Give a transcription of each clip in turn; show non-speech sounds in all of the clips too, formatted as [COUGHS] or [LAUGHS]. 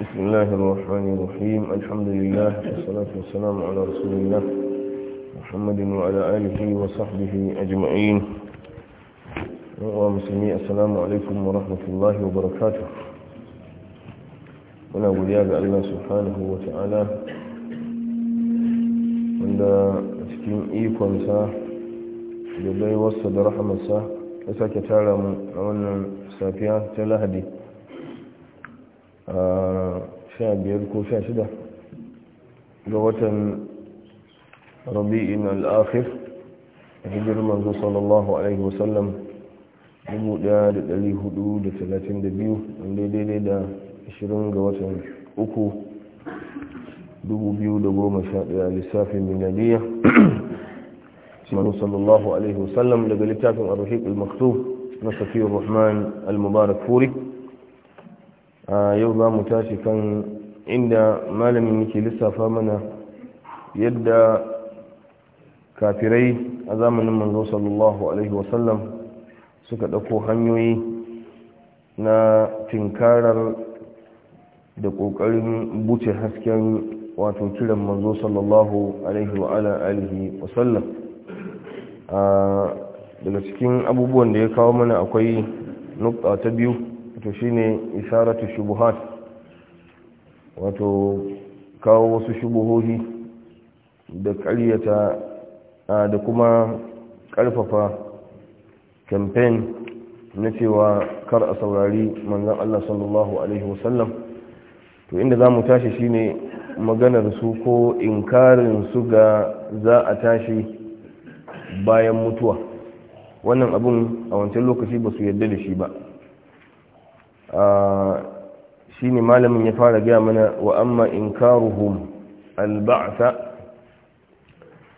بسم الله الرحمن الرحيم الحمد لله والصلاة والسلام على رسول الله محمد وعلى آله وصحبه أجمعين ومسلمي السلام عليكم ورحمة الله وبركاته muna godiya ga Allah subhanahu wa ta'ala wanda a cikin ikonsa da baiwarsa da rahamarsa ya sake تلهدي sha biyar ko shida ga watan rabi'in al'afir a hijirar manzo sallallahu alaihi wasallam 1432 wanda daidai da 20 ga watan uku 2011 lissafin miladiya manzo sallallahu alaihi wasallam daga littafin arhiq maktub na safiyar rahman al-mubarak furi yau za mu tashi kan inda malamin yake lissafa mana yadda kafirai a zamanin manzo sallallahu alaihi wasallam suka ɗauko hanyoyi na tinkarar da ƙoƙarin buce hasken wato kiran manzo sallallahu alaihi wa wasallam daga cikin abubuwan da ya kawo mana akwai nukta ta biyu to ne isharatu shubuhat wato kawo wasu shubuhohi da karyata da kuma karfafa campaign na cewa kar a saurari manzan Allah sallallahu alaihi wasallam to inda za mu tashi shine maganar su ko inkarin su ga za a tashi bayan mutuwa wannan abun a wancan lokaci ba su yadda da shi ba ne malamin ya fara gaya mana wa amma in karuhun alba'sa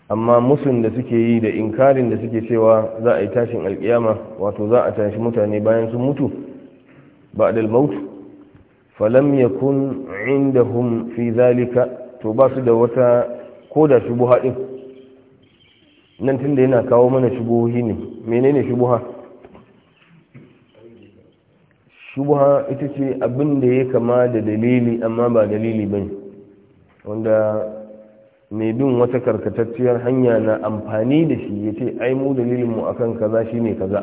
amma musun da suke yi da inkarin da suke cewa za a yi tashin alkiyama wato za a tashi mutane bayan sun mutu a al-maut falam inda hun fi zalika to ba su da wata koda shubuha din nan tun da yana kawo mana shubuhi ne menene shubuha shubha ita ce abin da ya kama da dalili amma ba dalili bane wanda mai bin wata karkatacciyar hanya na amfani da shi ya ce ai mu dalilin mu akan kaza shine kaza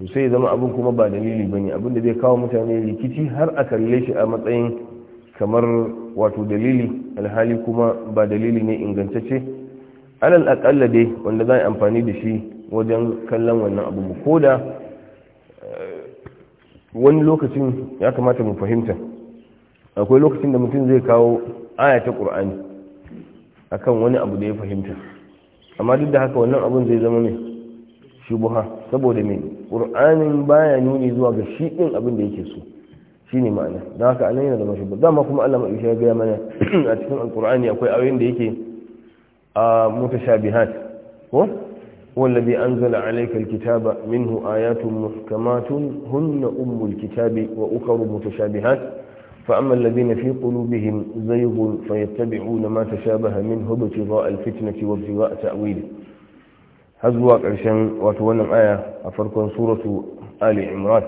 to sai zama abin kuma ba dalili bane abin da zai kawo mutane rikici har a kalle shi a matsayin kamar wato dalili alhali kuma ba dalili ne ingantacce alal akalla dai wanda za a amfani da shi wajen kallon wannan abu ko da wani lokacin ya kamata mu fahimta akwai lokacin da mutum zai kawo ayata ta a akan wani abu da ya fahimta amma duk da haka wannan abun zai zama mai shubuha saboda mai ƙur'anin baya nuni zuwa ga shi ɗin abin da yake so shine ma'ana don haka anan yana zama mashubuha dama kuma Allah mai ya gaya mana [CLEARS THROAT] a cikin alƙur'ani akwai abin da yake a ah, mutashabihat ko والذي أنزل عليك الكتاب منه آيات محكمات هن أم الكتاب وأخر متشابهات فأما الذين في قلوبهم زيغ فيتبعون ما تشابه منه ابتغاء الفتنة وابتغاء تأويله واقع قرشن وتونم آية أفركم سورة آل عمران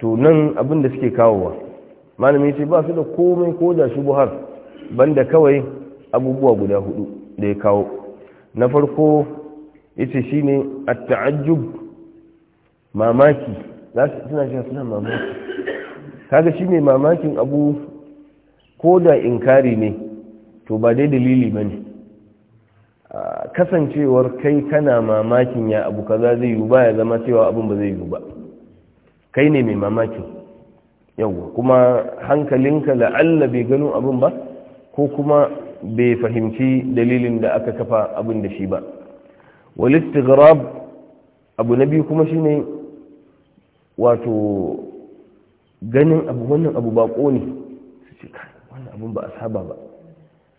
to آه، أبن دسكي كاوة ما لم يتبع في ذلك su كودا komai بند كوي أبو banda kawai هدو na farko yace ne a taajjub mamaki suna shi suna mamaki kaga shi ne mamakin abu ko da inkari ne to ba dai dalili ba ne kasancewar kai kana mamakin ya abu kaza zai yi ba ya zama cewa abin ba zai yi ba kai ne mai mamakin yau kuma hankalinka la'alla bai gano abin ba ko kuma bai fahimci dalilin da aka kafa abin da shi ba walistighrab abu na biyu kuma shine wato ganin abu wannan abu ba ne su ce wannan abun ba a saba ba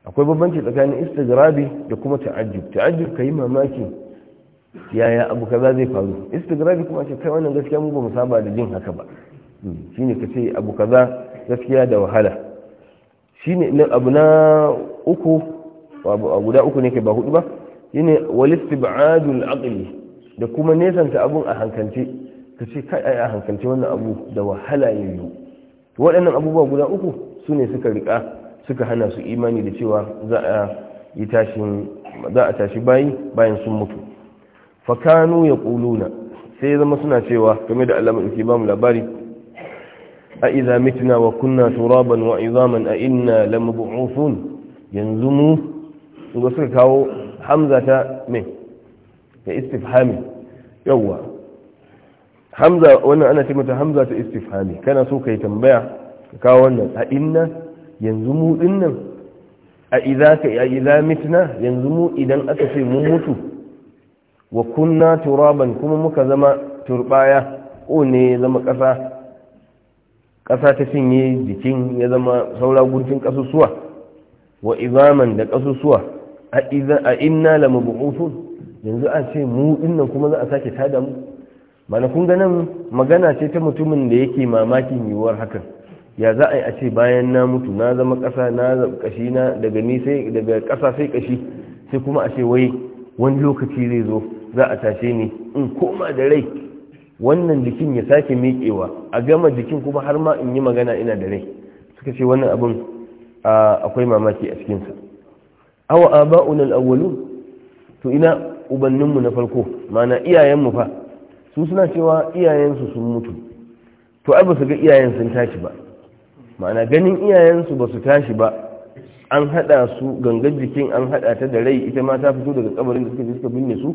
akwai babbanci tsakanin istigrabi da kuma ta'ajjub ta'ajjub ka yi mamaki yaya abu kaza zai faru istigrabi kuma ce kai wannan gaskiya mu ba mu saba da jin haka ba hmm, shine ka ce abu kaza gaskiya da wahala shine na abu na uku a guda uku ne ke ba hudu ba shine wal ba'adun aqli da kuma nesanta abun a hankalce ce kai a hankalce wannan abu da wahala yi waɗannan abubuwa guda uku su ne suka riƙa suka hana su imani da cewa za a tashi bayi bayan sun mutu fakanu ya ƙuluna sai zama suna cewa game da alamar ke ba labari a iza mituna turaban wa izaman a ina lamubu'ufun yanzu kawo wannan ana ce mata kana so ka yi tambaya a ina yanzu mu din nan aka ce mun mutu wa turaban kuma muka zama turbaya ko ne zama kasa ƙasa ta cinye jikin ya zama saura guntun ƙasusuwa wa izaman da ƙasusuwa a inna la mabu'uthun yanzu a ce mu dinnan kuma za a sake tada mu mana kun ga nan magana ce ta mutumin da yake mamakin yiwuwar hakan ya za a yi a ce bayan na mutu na zama ƙasa na ƙashi na daga ni sai daga ƙasa sai ƙashi sai kuma a ce wai wani lokaci zai zo za a tashe ni in koma da rai wannan jikin ya sake miƙewa a gama jikin kuma har ma in yi magana ina da rai suka ce wannan abin akwai mamaki a cikinsa awa aba'un al'awwalu to ina ubanninmu na farko mana iyayenmu fa su suna cewa iyayensu sun mutu to ai ba su ga iyayen sun tashi ba ma'ana ganin iyayensu ba su tashi ba an hada su gangar jikin an hada ta da rai ita ma ta fito daga kabarin da suka je suka binne su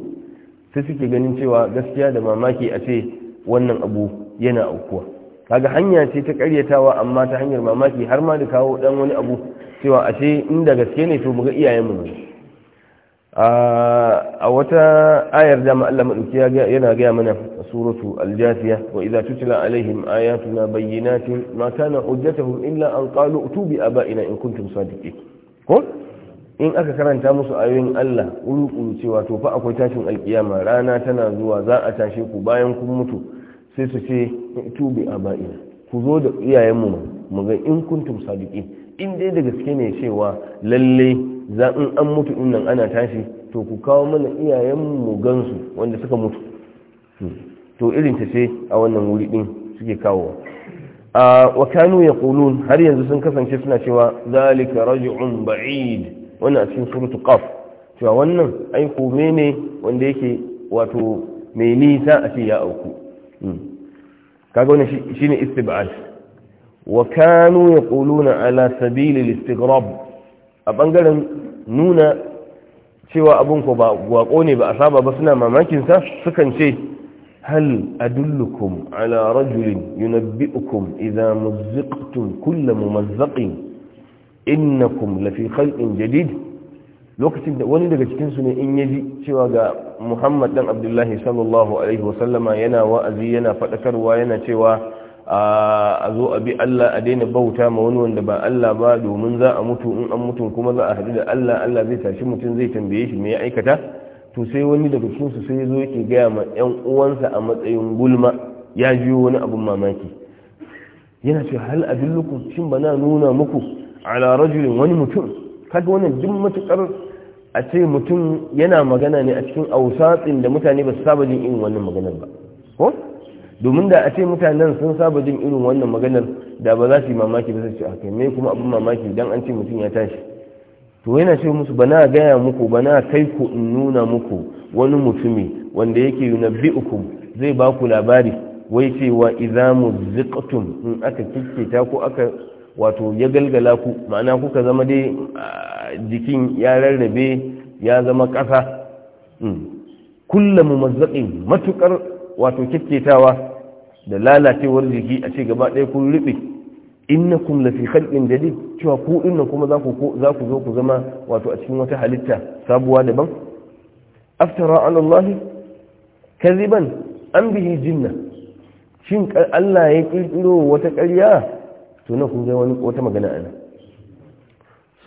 sai suke ganin cewa gaskiya da mamaki a ce wannan abu yana aukuwa kaga hanya ce ta karyatawa amma ta hanyar mamaki har ma da kawo dan wani abu cewa a ce inda gaske ne to muga iyayenmu ne a wata ayar da Allah madauki yana gaya mana a suratu al-jasiya wa idza tutla alaihim ayatuna bayyinatin ma kana hujjatuhum illa an qalu utubi abaina in kuntum sadiqin ko in aka karanta musu ayoyin Allah ƙuruƙuru cewa to fa akwai tashin alkiyama rana tana zuwa za a tashe ku bayan kun mutu sai su ce tubi a ku zo da iyayenmu mu ga in kuntum sadiqin in dai da gaske ne cewa lalle za in an mutu din nan ana tashi to ku kawo mana iyayenmu mu gansu wanda suka mutu hmm. to irin ta ce a wannan wuri din suke kawo a ah, wa kanu yaqulun har yanzu sun kasance suna cewa zalika raj'un ba'id wannan a cikin surutu ƙaf cewa wannan ai mene ne wanda yake wato mai nisa a ce ya auku hmm. kaga wannan shine istib'al wa kanu yaquluna ala sabili al a bangaren nuna cewa abun ko ba wako ne ba a saba ba suna mamakin sa sukan ce hal adullukum ala rajulin yunabbi'ukum idza muzziqtum kullu mumazzaqin innakum lafi khalqin jadid lokacin da wani daga cikin su ne in yaji cewa ga Muhammad dan Abdullahi sallallahu alaihi wasallama yana wa'azi yana fadakarwa yana cewa a zo a bi Allah a daina bauta ma wani wanda ba Allah ba domin za a mutu in an mutu kuma za a haɗu da Allah Allah zai tashi mutum zai tambaye shi me ya aikata to sai wani daga cikin su sai zo yake gaya ma ƴan uwansa a matsayin gulma ya jiyo wani abun mamaki yana ce hal adullukum shin bana nuna muku ala rajulin wani mutum kaga wannan duk matukar a ce mutum yana magana ne a cikin ausatsin da mutane ba su saba jin irin wannan maganar ba ko domin da a ce mutanen sun saba jin irin wannan maganar da ba za su yi mamaki ba su ce kai me kuma abin mamaki dan an ce mutum ya tashi to yana ce musu bana gaya muku bana kai ku in nuna muku wani mutumi wanda yake yunabbi'ukum zai ba ku labari wai cewa idza muziqtum in aka kikkita ko aka wato ya galgala ku ma'ana kuka zama dai jikin ya rarrabe ya zama ƙasa hmm. kulla mumazzaƙin matuƙar wato kyakketawa da lalacewar jiki a ce gaba ɗaya kun riɓe innakum lafi da jadid cewa ku inna kuma za ku zo ku zama wato a cikin wata halitta sabuwa daban aftara ala allahi kaziban an bihi jinna shin Allah ya ƙirƙiro wata ƙarya to na kun wani wata magana a nan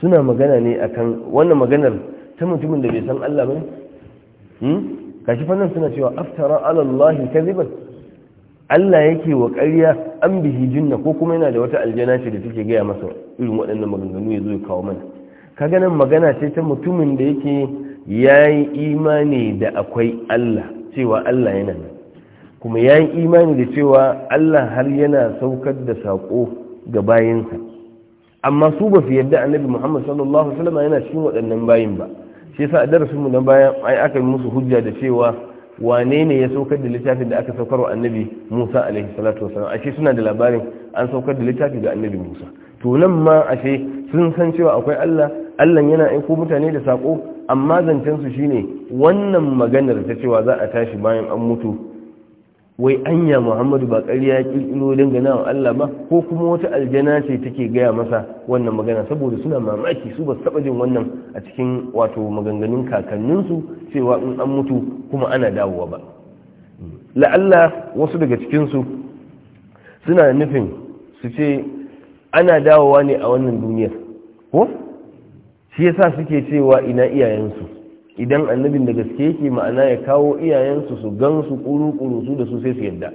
suna magana ne a kan wannan maganar ta mutumin da bai san Allah ba ne? kashi hmm? fannin suna cewa aftara alallahi Allah kaziban Allah yake wa karya an bihi jinna ko kuma yana da wata aljana ce da take gaya masa irin waɗannan maganganu ya zo ya kawo mana ka nan magana ce ta mutumin da yake ya yi imani da akwai Allah cewa Allah yana nan kuma ya yi imani da cewa Allah har yana saukar da saƙo ga bayinsa amma su ba su yarda annabi muhammad sallallahu alaihi wasallam yana cikin waɗannan bayin ba shi yasa a darasin mu na baya ai aka musu hujja da cewa wane ne ya saukar da littafin da aka saukar wa annabi musa alaihi salatu wasallam ashe suna da labarin an saukar da littafin ga annabi musa to nan ma ashe sun san cewa akwai allah allah yana aiko mutane da sako amma zancen su shine wannan maganar ta cewa za a tashi bayan an mutu wai anya muhammadu ba ƙarya ya ƙirƙiro dangana wa Allah ba ko kuma wata aljana ce take gaya masa wannan magana saboda suna mamaki su ba taɓa jin wannan a cikin wato maganganun kakanninsu cewa in an mutu kuma ana dawowa ba la'alla wasu daga cikinsu suna nufin su ce ana dawowa ne a wannan duniyar ko shi yasa suke cewa ina iyayensu idan annabin da gaske yake ma'ana ya kawo iyayensu su gan su kuru su da su sai su yadda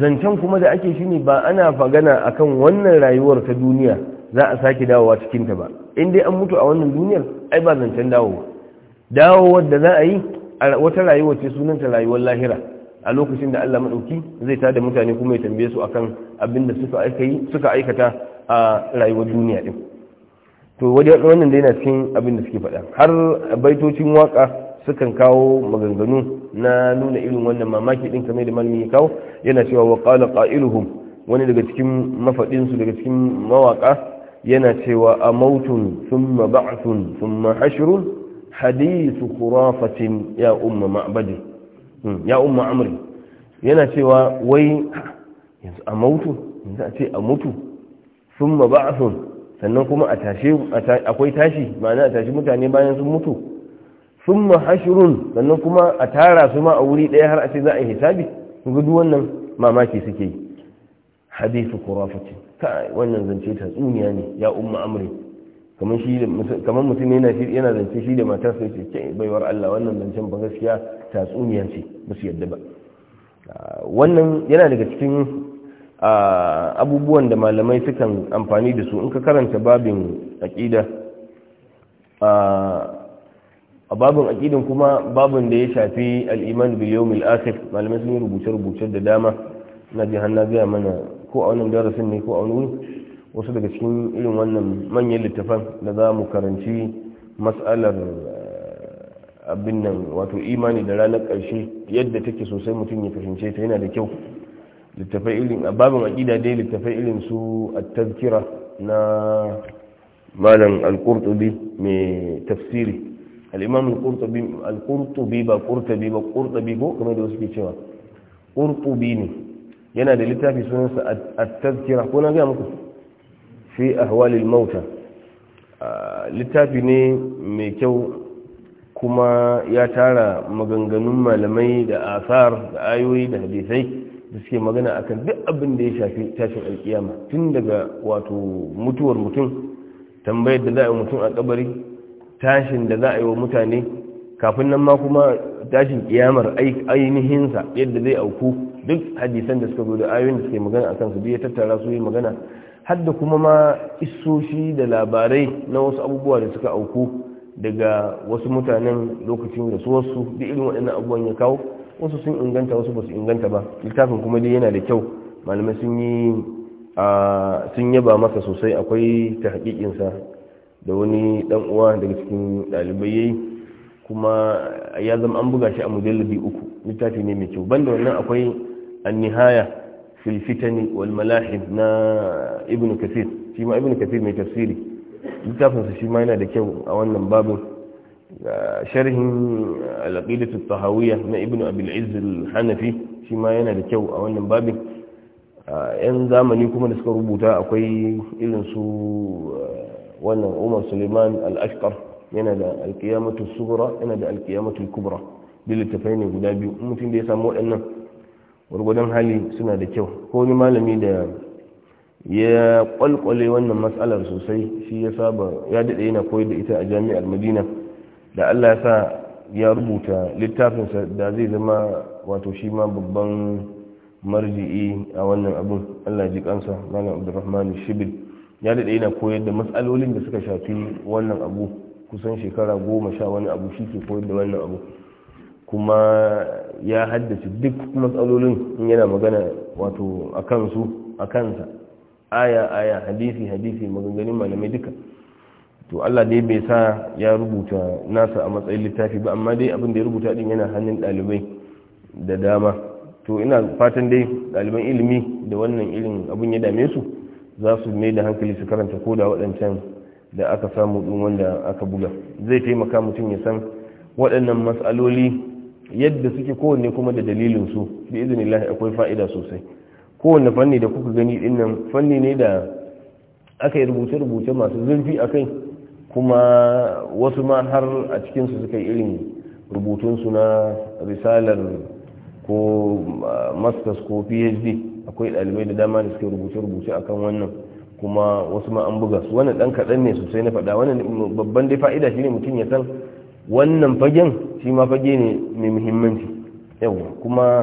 zancen kuma da ake shi ne ba ana fagana kan wannan rayuwar ta duniya za a sake dawowa cikinta ba in dai an mutu a wannan duniyar ai ba zancen dawowa dawowar da za a yi a wata rayuwa ce sunanta rayuwar lahira a lokacin da Allah maɗauki zai tada mutane kuma ya tambaye su akan abin da suka aikata a rayuwar duniya ɗin. to wannan dai na cikin abin da suke faɗa har baitocin waka sukan kawo maganganu na nuna irin wannan mamaki din kamar da malami ya kawo yana cewa wa qala qailuhum wani daga cikin mafadin su daga cikin mawaka yana cewa amautun thumma ba'thun thumma hashrun hadithu khurafatin ya umma ma'badi hmm, ya umma amri yana cewa wai yanzu amautu yanzu a ce amutu thumma ba'thun sannan kuma a tashe akwai tashi ma'ana a tashi mutane bayan sun mutu sun mahashirun sannan kuma a tara su ma a wuri daya har a ce za a yi hisabi gudu wannan mamaki suke yi hadisu kurafati kai wannan zance ta tsuniya ne ya umma amri kamar mutum yana yana zance shi da matar sai ce ce baiwar Allah wannan zancen ba gaskiya ta tsuniya ce ba yadda ba ah, wannan yana daga cikin abubuwan da malamai sukan amfani da su in ka karanta babin aƙida a babin aƙidin kuma babin da ya shafi al'iman biliyomil akhir malamai sun yi rubuce-rubuce da dama na jihar na gaya mana ko a wannan darasin ne ko a wani wasu daga cikin irin wannan manyan littafan da za mu karanci matsalar eh, abin nan wato imani da ranar ƙarshe yadda take sosai mutum ya fahimce ta yana da kyau littafai ilin a babin aƙida dai littafai ilin su a tazkira na malam al-qurtubi mai tafsiri al-imam al-qurtubi al-qurtubi ba qurtubi ba qurtubi ko kamar da wasu ke cewa qurtubi ne yana da littafi sunansa at-tazkira ko na ga muku fi ahwal al-mauta ah, littafi ne mai kyau kuma ya tara maganganun malamai da asar da ayoyi da hadisai da suke magana a kan duk abin da ya shafi tashin alkiyama tun daga wato mutuwar mutum tambayar da za a yi mutum a kabari tashin da za a yi wa mutane kafin nan ma kuma tashin kiyamar ainihinsa yadda zai auku duk hadisan da suka zo da ayoyin da suke magana a kan su ya tattara su yi magana har da kuma ma isoshi da labarai na wasu abubuwa da suka auku daga wasu mutanen lokacin da su wasu duk irin waɗannan abubuwan ya kawo wasu sun inganta wasu ba su inganta ba littafin kuma dai yana da kyau malamai sun yi sun yaba masa sosai akwai ta hakikinsa da wani dan uwa daga cikin ɗalibai yayi kuma ya zama an buga shi a mujallabi uku littafi ne mai kyau banda wannan akwai an-nihaya fil fitani wal malahib na ibnu kathir shi ma ibnu kathir mai tafsiri littafinsa shi ma yana da kyau a wannan babin sharhin alaqidatu tahawiyya na ibnu abil izz hanafi shi ma yana da kyau a wannan babin yan zamani kuma da suka rubuta akwai irin su eh, wannan umar suleiman al-ashqar yana da alkiyamatu subura yana da alkiyamatu kubra littattafai ne guda biyu mutum da ya samu waɗannan gwargwadon hali suna da kyau ko ni malami da ya kwalkwale wannan matsalar sosai shi ya saba ya daɗe yana koyar da ita a jami'ar madina da Allah ya sa ya rubuta littafinsa da zai zama wato shi ma babban marji'i a wannan abin Allah ji kansa malam Abdulrahman shibil ya daɗe yana koyar da matsalolin da suka shafi wannan abu kusan shekara goma sha wani abu shi ke koyar da wannan abu kuma ya haddace duk matsalolin in yana magana wato a kansu a kansa aya aya hadisi hadisi maganganun malamai duka to Allah dai bai sa ya rubuta nasa a matsayin littafi ba amma dai abin da ya rubuta din yana hannun dalibai da dama to ina fatan dai daliban ilimi da wannan irin abin ya dame su za su mai da hankali su karanta ko da waɗancan da aka samu ɗin wanda aka buga zai taimaka mutum ya san waɗannan matsaloli yadda suke kowanne kuma da dalilin su bi lahi akwai fa'ida sosai kowanne fanni da kuka gani ɗin fanni ne da aka yi rubuce-rubuce masu zurfi a kai kuma wasu ma har a cikinsu suka yi irin rubutunsu na risalar ko masters ko phd akwai ɗalibai da dama da suke rubuce-rubuce akan wannan kuma wasu ma an buga su wannan dan kaɗan ne sosai na faɗa wannan babban dai fa'ida shine mutum ya san wannan fagen shi ma fage ne mai muhimmanci yau kuma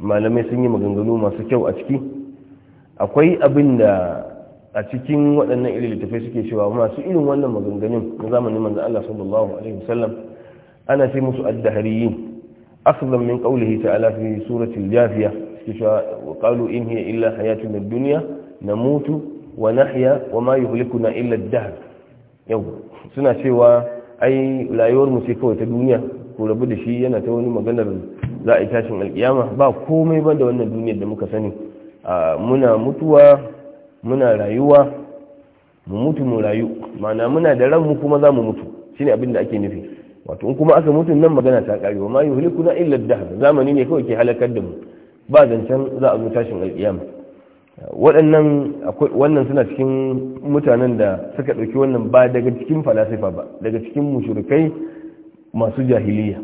malamai sun yi maganganu masu kyau a ciki akwai abin da a cikin waɗannan irin littafai suke cewa masu irin wannan maganganun na zamanin manzo Allah sallallahu alaihi wasallam ana ce musu addahariyin akhzan min qawlihi ta'ala fi surati al-jafiya suke cewa wa qalu in hiya illa hayatuna ad-dunya namutu wa nahya wa ma yuhlikuna illa ad-dahr yau suna cewa ai rayuwar mu ce kawai ta duniya ko rabu da shi yana ta wani maganar za a yi tashin alkiyama ba komai ba da wannan duniyar da muka sani muna mutuwa muna rayuwa mu mutu mu rayu mana muna da ran mu kuma za mu mutu shine abin da ake nufi wato in kuma aka mutu nan magana ta kare wa ma kuna illa ad zamani ne kawai ke halakar da mu ba zancen za a zo tashin wadannan waɗannan wannan suna cikin mutanen da suka ɗauki wannan ba daga cikin falasifa ba daga cikin mushrikai masu jahiliya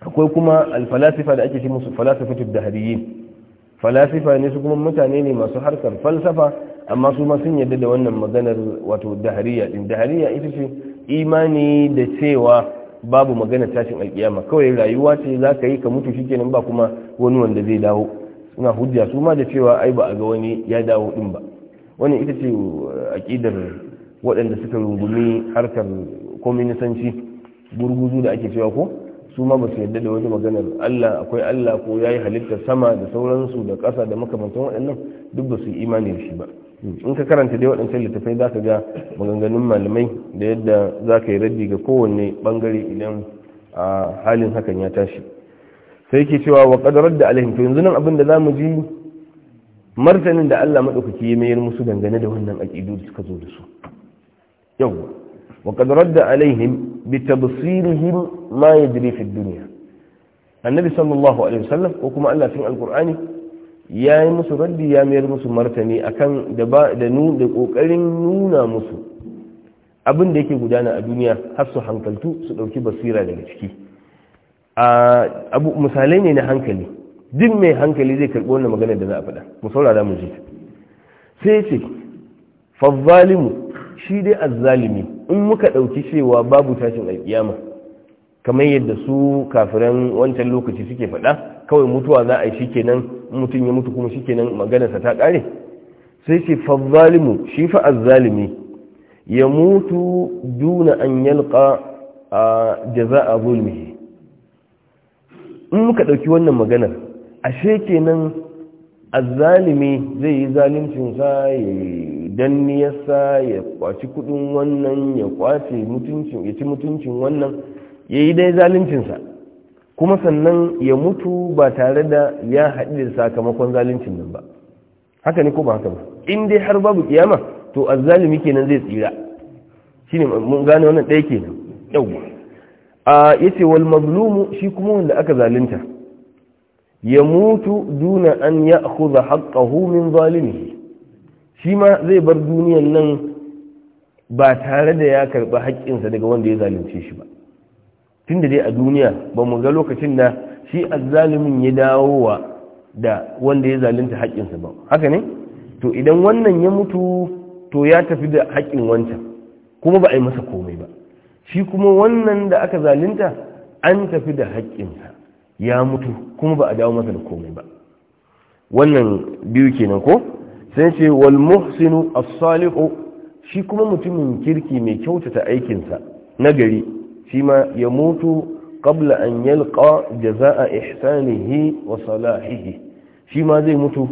akwai kuma alfalasifa da ake ce musu falasifatu dahariyin falasifa ne su kuma mutane ne masu harkar falsafa amma su ma sun yadda da wannan maganar wato dahariya din dahariya ita ce imani da cewa babu magana tashin alkiyama kawai rayuwa ce za ka yi ka mutu shikenan ba kuma wani wanda zai dawo suna hujja su ma da cewa ai ba a ga wani ya dawo din ba wannan ita ce uh, aƙidar waɗanda suka rungumi harkar kwaminisanci gurguzu da ake cewa ko su ma ba su yarda da wani maganar Allah akwai Allah ko ya yi halitta sama da sauransu da ƙasa da makamantan waɗannan duk ba su yi imani da shi ba in ka karanta dai waɗancan littattafai za ka ga maganganun malamai da yadda za ka yi raddi ga kowanne ɓangare idan a halin hakan ya tashi sai ke cewa wa ƙadarar da alaihim yanzu nan abin da za mu ji martanin da Allah maɗaukaki ya mayar musu dangane da wannan aƙidu da suka zo da su yawwa وقد رد عليهم بتبصيرهم ما يدري في الدنيا النبي صلى الله عليه وسلم وكما الله في القرآن ya yi musu raddiya, ya mayar musu martani akan da da nu da kokarin nuna musu abin da yake gudana a duniya har su hankaltu su dauki basira daga ciki a abu misalai ne na hankali duk mai hankali zai karbi wannan magana da za a faɗa mu saurara mu ji sai ce fa zalimu shi dai azzalimi in muka ɗauki cewa babu tashin alkiyama kamar yadda su kafiran wancan lokaci suke faɗa kawai mutuwa za a yi kenan mutum ya mutu kuma shikenan maganarsa ta ƙare sai ce fazzalimu shi fa azzalimi ya mutu duna an yalƙa a a zulmihi in muka ɗauki wannan maganar ashe kenan azzalimi zai yi zalimcinsa sa idan ni ya kwaci kudin wannan ya kwace mutuncin ya ci mutuncin wannan ya yi dai zaluncinsa kuma sannan ya mutu ba tare da ya haɗu da sakamakon zaluncin nan ba haka ne ko ba haka ba in dai har babu kiyama to azzalimi kenan zai tsira shine mun gane wannan ɗaya kenan yau a yace wal mazlumu shi kuma wanda aka zalunta ya mutu duna an ya'khudha haqqahu min zalimihi shi ma zai bar duniyan nan ba tare da ya karɓi haƙƙinsa daga wanda ya zalunce shi ba tun da dai a duniya ba mu ga lokacin da shi azzalumin ya dawo wa da wanda ya zalunta haƙƙinsa ba haka ne to idan wannan ya mutu to ya tafi da haƙƙin wancan kuma ba a yi masa komai ba shi kuma wannan da aka zalunta an tafi da haƙƙinsa ya mutu kuma ba a dawo masa da komai ba wannan biyu kenan ko sai ce wal muhsinu as-salihu shi kuma mutumin kirki mai kyautata aikinsa na gari shi ma ya mutu qabla an yalqa jazaa ihsanihi wa salahihi shi ma zai mutu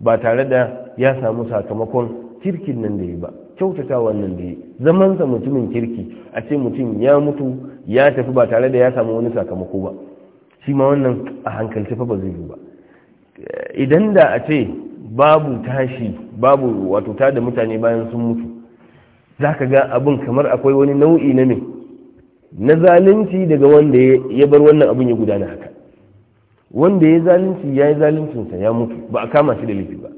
ba tare da ya samu sakamakon kirkin nan da yi ba kyautata wannan da yi zamansa mutumin kirki a ce mutum ya mutu ya tafi ba tare da ya samu wani sakamako ba shi ma wannan a hankali fa ba zai yi ba idan da a ce babu tashi babu wato tada mutane bayan sun mutu za ka ga abin kamar akwai wani nau'i na min. na zalunci daga wanda ya bar wannan abin ya gudana haka wanda ya zalunci ya yi zaluncinsa ya mutu ba a kama shi da laifi ba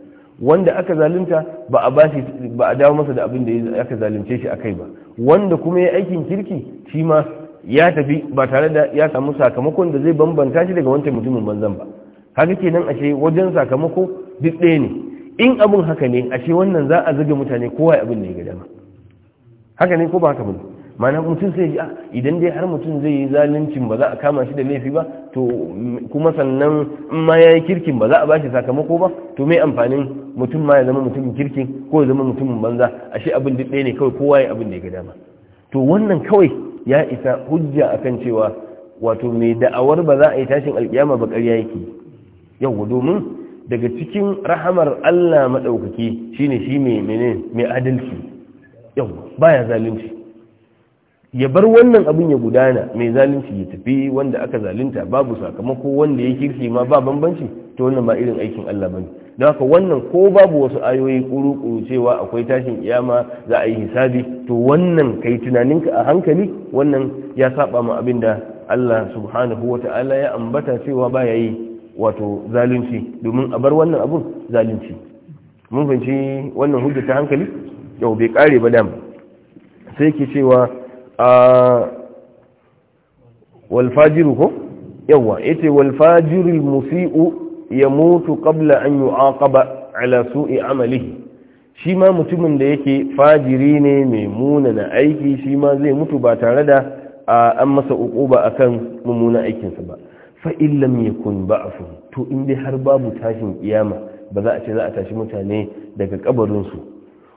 wanda aka zalunta ba a bashi ba a dawo masa da abin da aka zalunce shi akai ba wanda kuma ya aikin kirki shi ma ya tafi ba tare da ya samu sakamakon da zai bambanta shi daga wancan mutumin banzan ba haka kenan ashe wajen sakamako duk ɗaya ne in abin haka ne a ce wannan za a zage mutane kowa abin da ya gada haka ne ko ba haka bane Mana mutum sai ji ah, idan dai har mutum zai yi zaluncin ba za a kama shi da laifi ba to kuma sannan in ma ya yi kirkin ba za a bashi sakamako ba to mai amfanin mutum ma ya zama mutumin kirkin ko ya zama mutumin banza ashe abin duk ɗaya ne kawai kowa ya abin da ya ga dama to wannan kawai ya isa hujja akan cewa wato mai da'awar ba za a yi tashin alkiyama ba ƙarya yake yau domin daga cikin rahamar Allah maɗaukaki shine shi mai mene mai adalci yau baya zalunci ya bar wannan abin ya gudana mai zalunci ya tafi wanda aka zalunta babu sakamako wanda ya kirki ma ba bambanci ta wannan ba irin aikin Allah bane don haka wannan ko babu wasu ayoyi kuru-kuru cewa akwai tashin kiyama za a yi hisabi to wannan kai tunaninka a hankali wannan ya saba ma abin da Allah subhanahu wa ta'ala ya ambata cewa ba ya yi wato zalunci domin a bar wannan abun zalunci mun fahimci wannan hujja ta hankali yau bai kare ba dam sai ke cewa a walfajiru ko yawa yace walfajiru musiu ya mutu qabla an yu'aqaba ala su'i amalihi shi ma mutumin da yake fajiri ne mai muna na aiki shi ma zai mutu ba tare da an masa uku ba a kan mummuna aikinsa ba fa illam yakun ba'fu to in dai har babu tashin kiyama ba za a ce za a tashi mutane daga kabarin su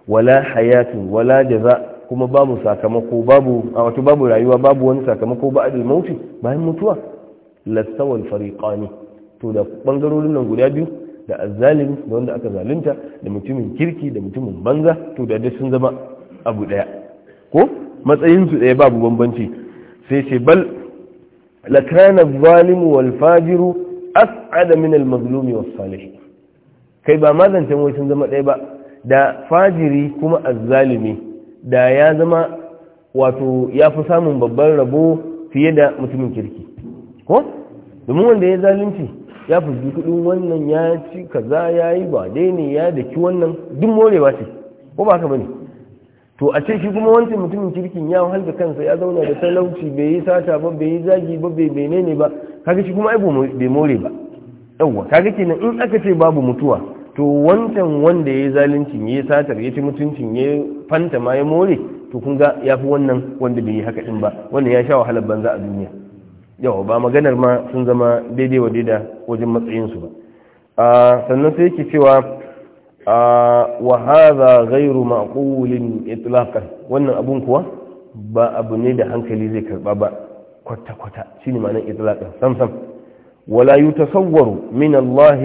wala hayatun wala jaza kuma babu sakamako babu a wato babu rayuwa babu wani sakamako ba adil mauti bayan mutuwa lasawal fariqani to da bangarorin nan guda biyu da azzalimi da wanda aka zalunta da mutumin kirki da mutumin banza to da dai sun zama abu ɗaya ko matsayin su babu bambanci sai ce bal lakana zalimu fajiru as'ada min al mazlumi was kai ba ma zancen wai zama ɗaya ba da fajiri kuma azzalimi da ya zama wato ya fi samun babban rabo fiye da mutumin kirki ko domin wanda ya zalunci ya fuski kuɗin wannan ya ci kaza ya yi ba dai ne ya daki wannan duk morewa ce ko ba haka bane to a ce shi kuma wancan mutumin kirkin ya halga kansa ya zauna da talauci bai yi sata ba bai yi zagi ba bai nene ba kaga shi kuma aibu bai more ba yawwa kaga kenan in aka ce babu mutuwa to wancan wanda ya yi zaluncin ya yi satar ya ci mutuncin ya fanta ma ya more to kun ga ya fi wannan wanda bai yi haka din ba wannan ya sha wahalar banza a duniya yawa ba maganar ma sun zama daidai wa daida wajen su ba ah, sannan sai yake cewa wa hadha ghairu maqulin itlaqan wannan abun kuwa ba abu ne da hankali zai karba ba kwata kwata shine ma'anar itlaqan sam sam wala yutasawwaru min Allah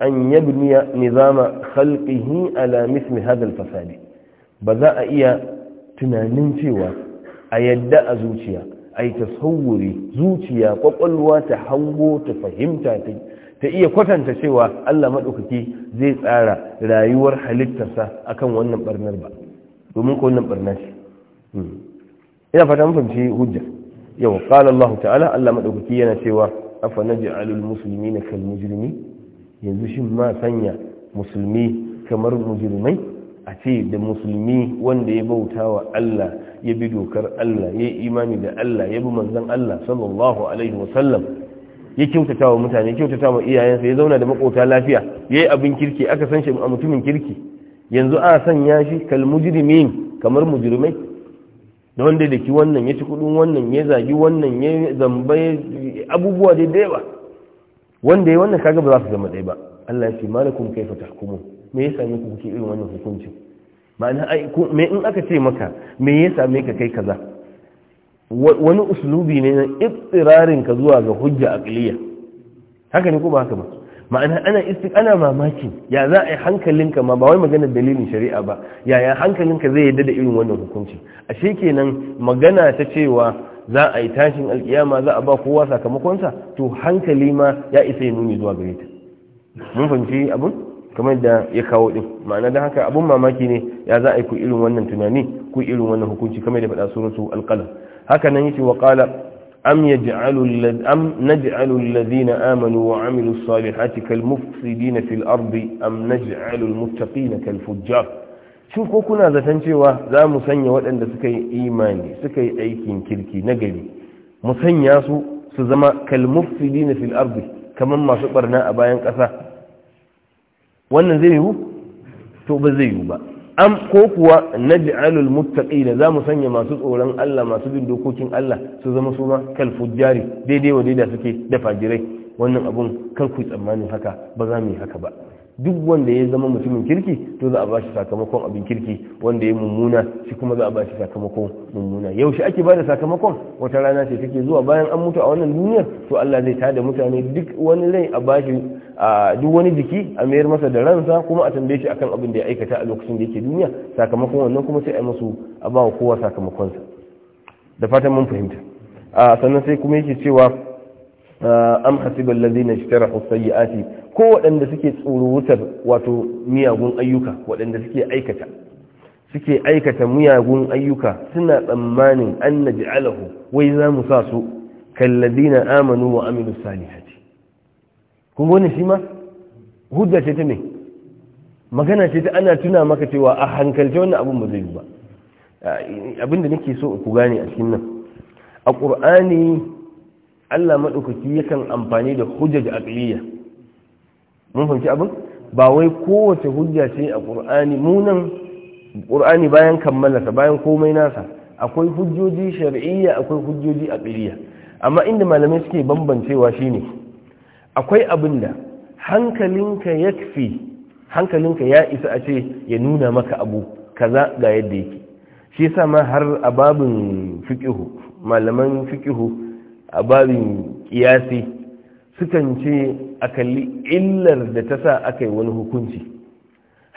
an yabniya nizama khalqihi ala mithli hadha al-fasadi ba za a iya tunanin cewa a yadda a zuciya ai yi tasawuri zuciya kwakwalwa ta hango ta fahimta ta ta iya kwatanta cewa Allah maɗaukaki zai tsara rayuwar halittarsa akan wannan barnar ba domin ka wannan barna hmm. ina fata mun fahimci hujja yau qala Allah ta'ala Allah maɗaukaki yana cewa afa Musulmi na kan mujrimi yanzu shin ma sanya musulmi kamar mujrimai a ce da musulmi wanda ya bauta wa Allah ya bi dokar Allah ya yi imani da Allah ya bi manzon Allah sallallahu alaihi sallam. ya kyautata wa mutane kyautata wa iyayensa ya zauna da makota lafiya ya yi abin kirki aka san shi a mutumin kirki yanzu a sanya shi kalmujirmin kamar mujrimai da wanda da ki wannan ya ci kudin wannan ya zagi wannan ya zamba abubuwa dai da yawa wanda ya wannan kaga ba za su zama dai ba Allah ya ce malakum kaifa tahkumun me yasa ne ku kike irin wannan hukuncin ma'ana ai me in aka ce maka me yasa me ka kai kaza wani uslubi ne na iftirarin ka zuwa ga hujja aqliya haka ne ko ba haka ba ma'ana ana istik ana mamaki ya za a yi hankalinka ma ba wai magana dalilin shari'a ba yaya hankalinka zai yadda da irin wannan hukunci ashe kenan magana ta cewa za a yi tashin alkiyama za a ba kowa sakamakonsa to hankali ma ya isa ya nuni zuwa gare ta mun fahimci abun kamar da ya kawo din ma'ana don haka abun mamaki ne ya za a yi ku irin wannan tunani ku irin wannan hukunci kamar da faɗa suratu alƙalam haka nan yace wa qala am yaj'alu am naj'alu alladhina amanu wa 'amilu salihati kal mufsidina fil ardi am naj'alu al muttaqina kal fujjar shin ko kuna zaton cewa za mu sanya waɗanda suka yi imani suka yi aikin kirki na gari mu sanya su su zama kalmufsidi na fil ardi kamar masu barna a bayan ƙasa wannan zai yiwu to ba zai yiwu ba am ko kuwa na naj'alul muttaqina za mu sanya masu tsoron Allah masu bin dokokin Allah su zama su ma kal fujjari daidai wa daidai suke da fajirai wannan abun kar ku tsammanin haka ba za mu yi haka ba duk wanda ya zama mutumin kirki to za a ba shi sakamakon abin kirki wanda ya mummuna shi kuma za a ba shi sakamakon mummuna yau shi ake bada sakamakon wata rana ce take zuwa bayan an mutu a wannan duniyar to Allah zai tada mutane duk wani rai a ba shi duk wani jiki a mayar masa da ransa kuma a tambaye shi akan abin da ya aikata a lokacin da yake duniya sakamakon wannan kuma sai a masu a ba kowa sakamakonsa da fatan mun fahimta sannan sai kuma yake cewa am hasiba allazina ishtarahu sayyi'ati ko waɗanda suke tsorowutar wato miyagun ayyuka waɗanda suke aikata suke aikata miyagun ayyuka suna tsammanin an na ji alahu, wai za mu sa su na amanu wa sani salihati Kuma wani shi ma hudda ce ta ne. magana ce ta ana tuna maka cewa a hankalce wannan abin ba zai yi ba abin da nake so ku gane a cikin nan a ƙur'ani Allah maɗaukaki yakan amfani da hujjar aqliyya mun fahimci abin ba wai kowace hujja ce a ƙur'ani munan ƙur'ani bayan kammalarsa bayan komai nasa akwai hujjoji shar'iyya akwai hujjoji a aqliyya amma inda malamai suke bambancewa shine akwai abin da hankalinka fi hankalinka ya isa a ce ya nuna maka abu kaza ga yadda yake shi yasa ma har a babin malaman fiƙihu a babin sukan ce a kalli illar da ta sa aka yi wani hukunci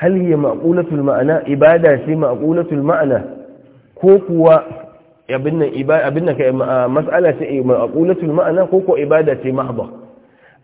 hal ya ma'ana ibada ce ma'qulatul ma'ana ko kuwa abin ce ma'ana ko ko ibada ce mahba.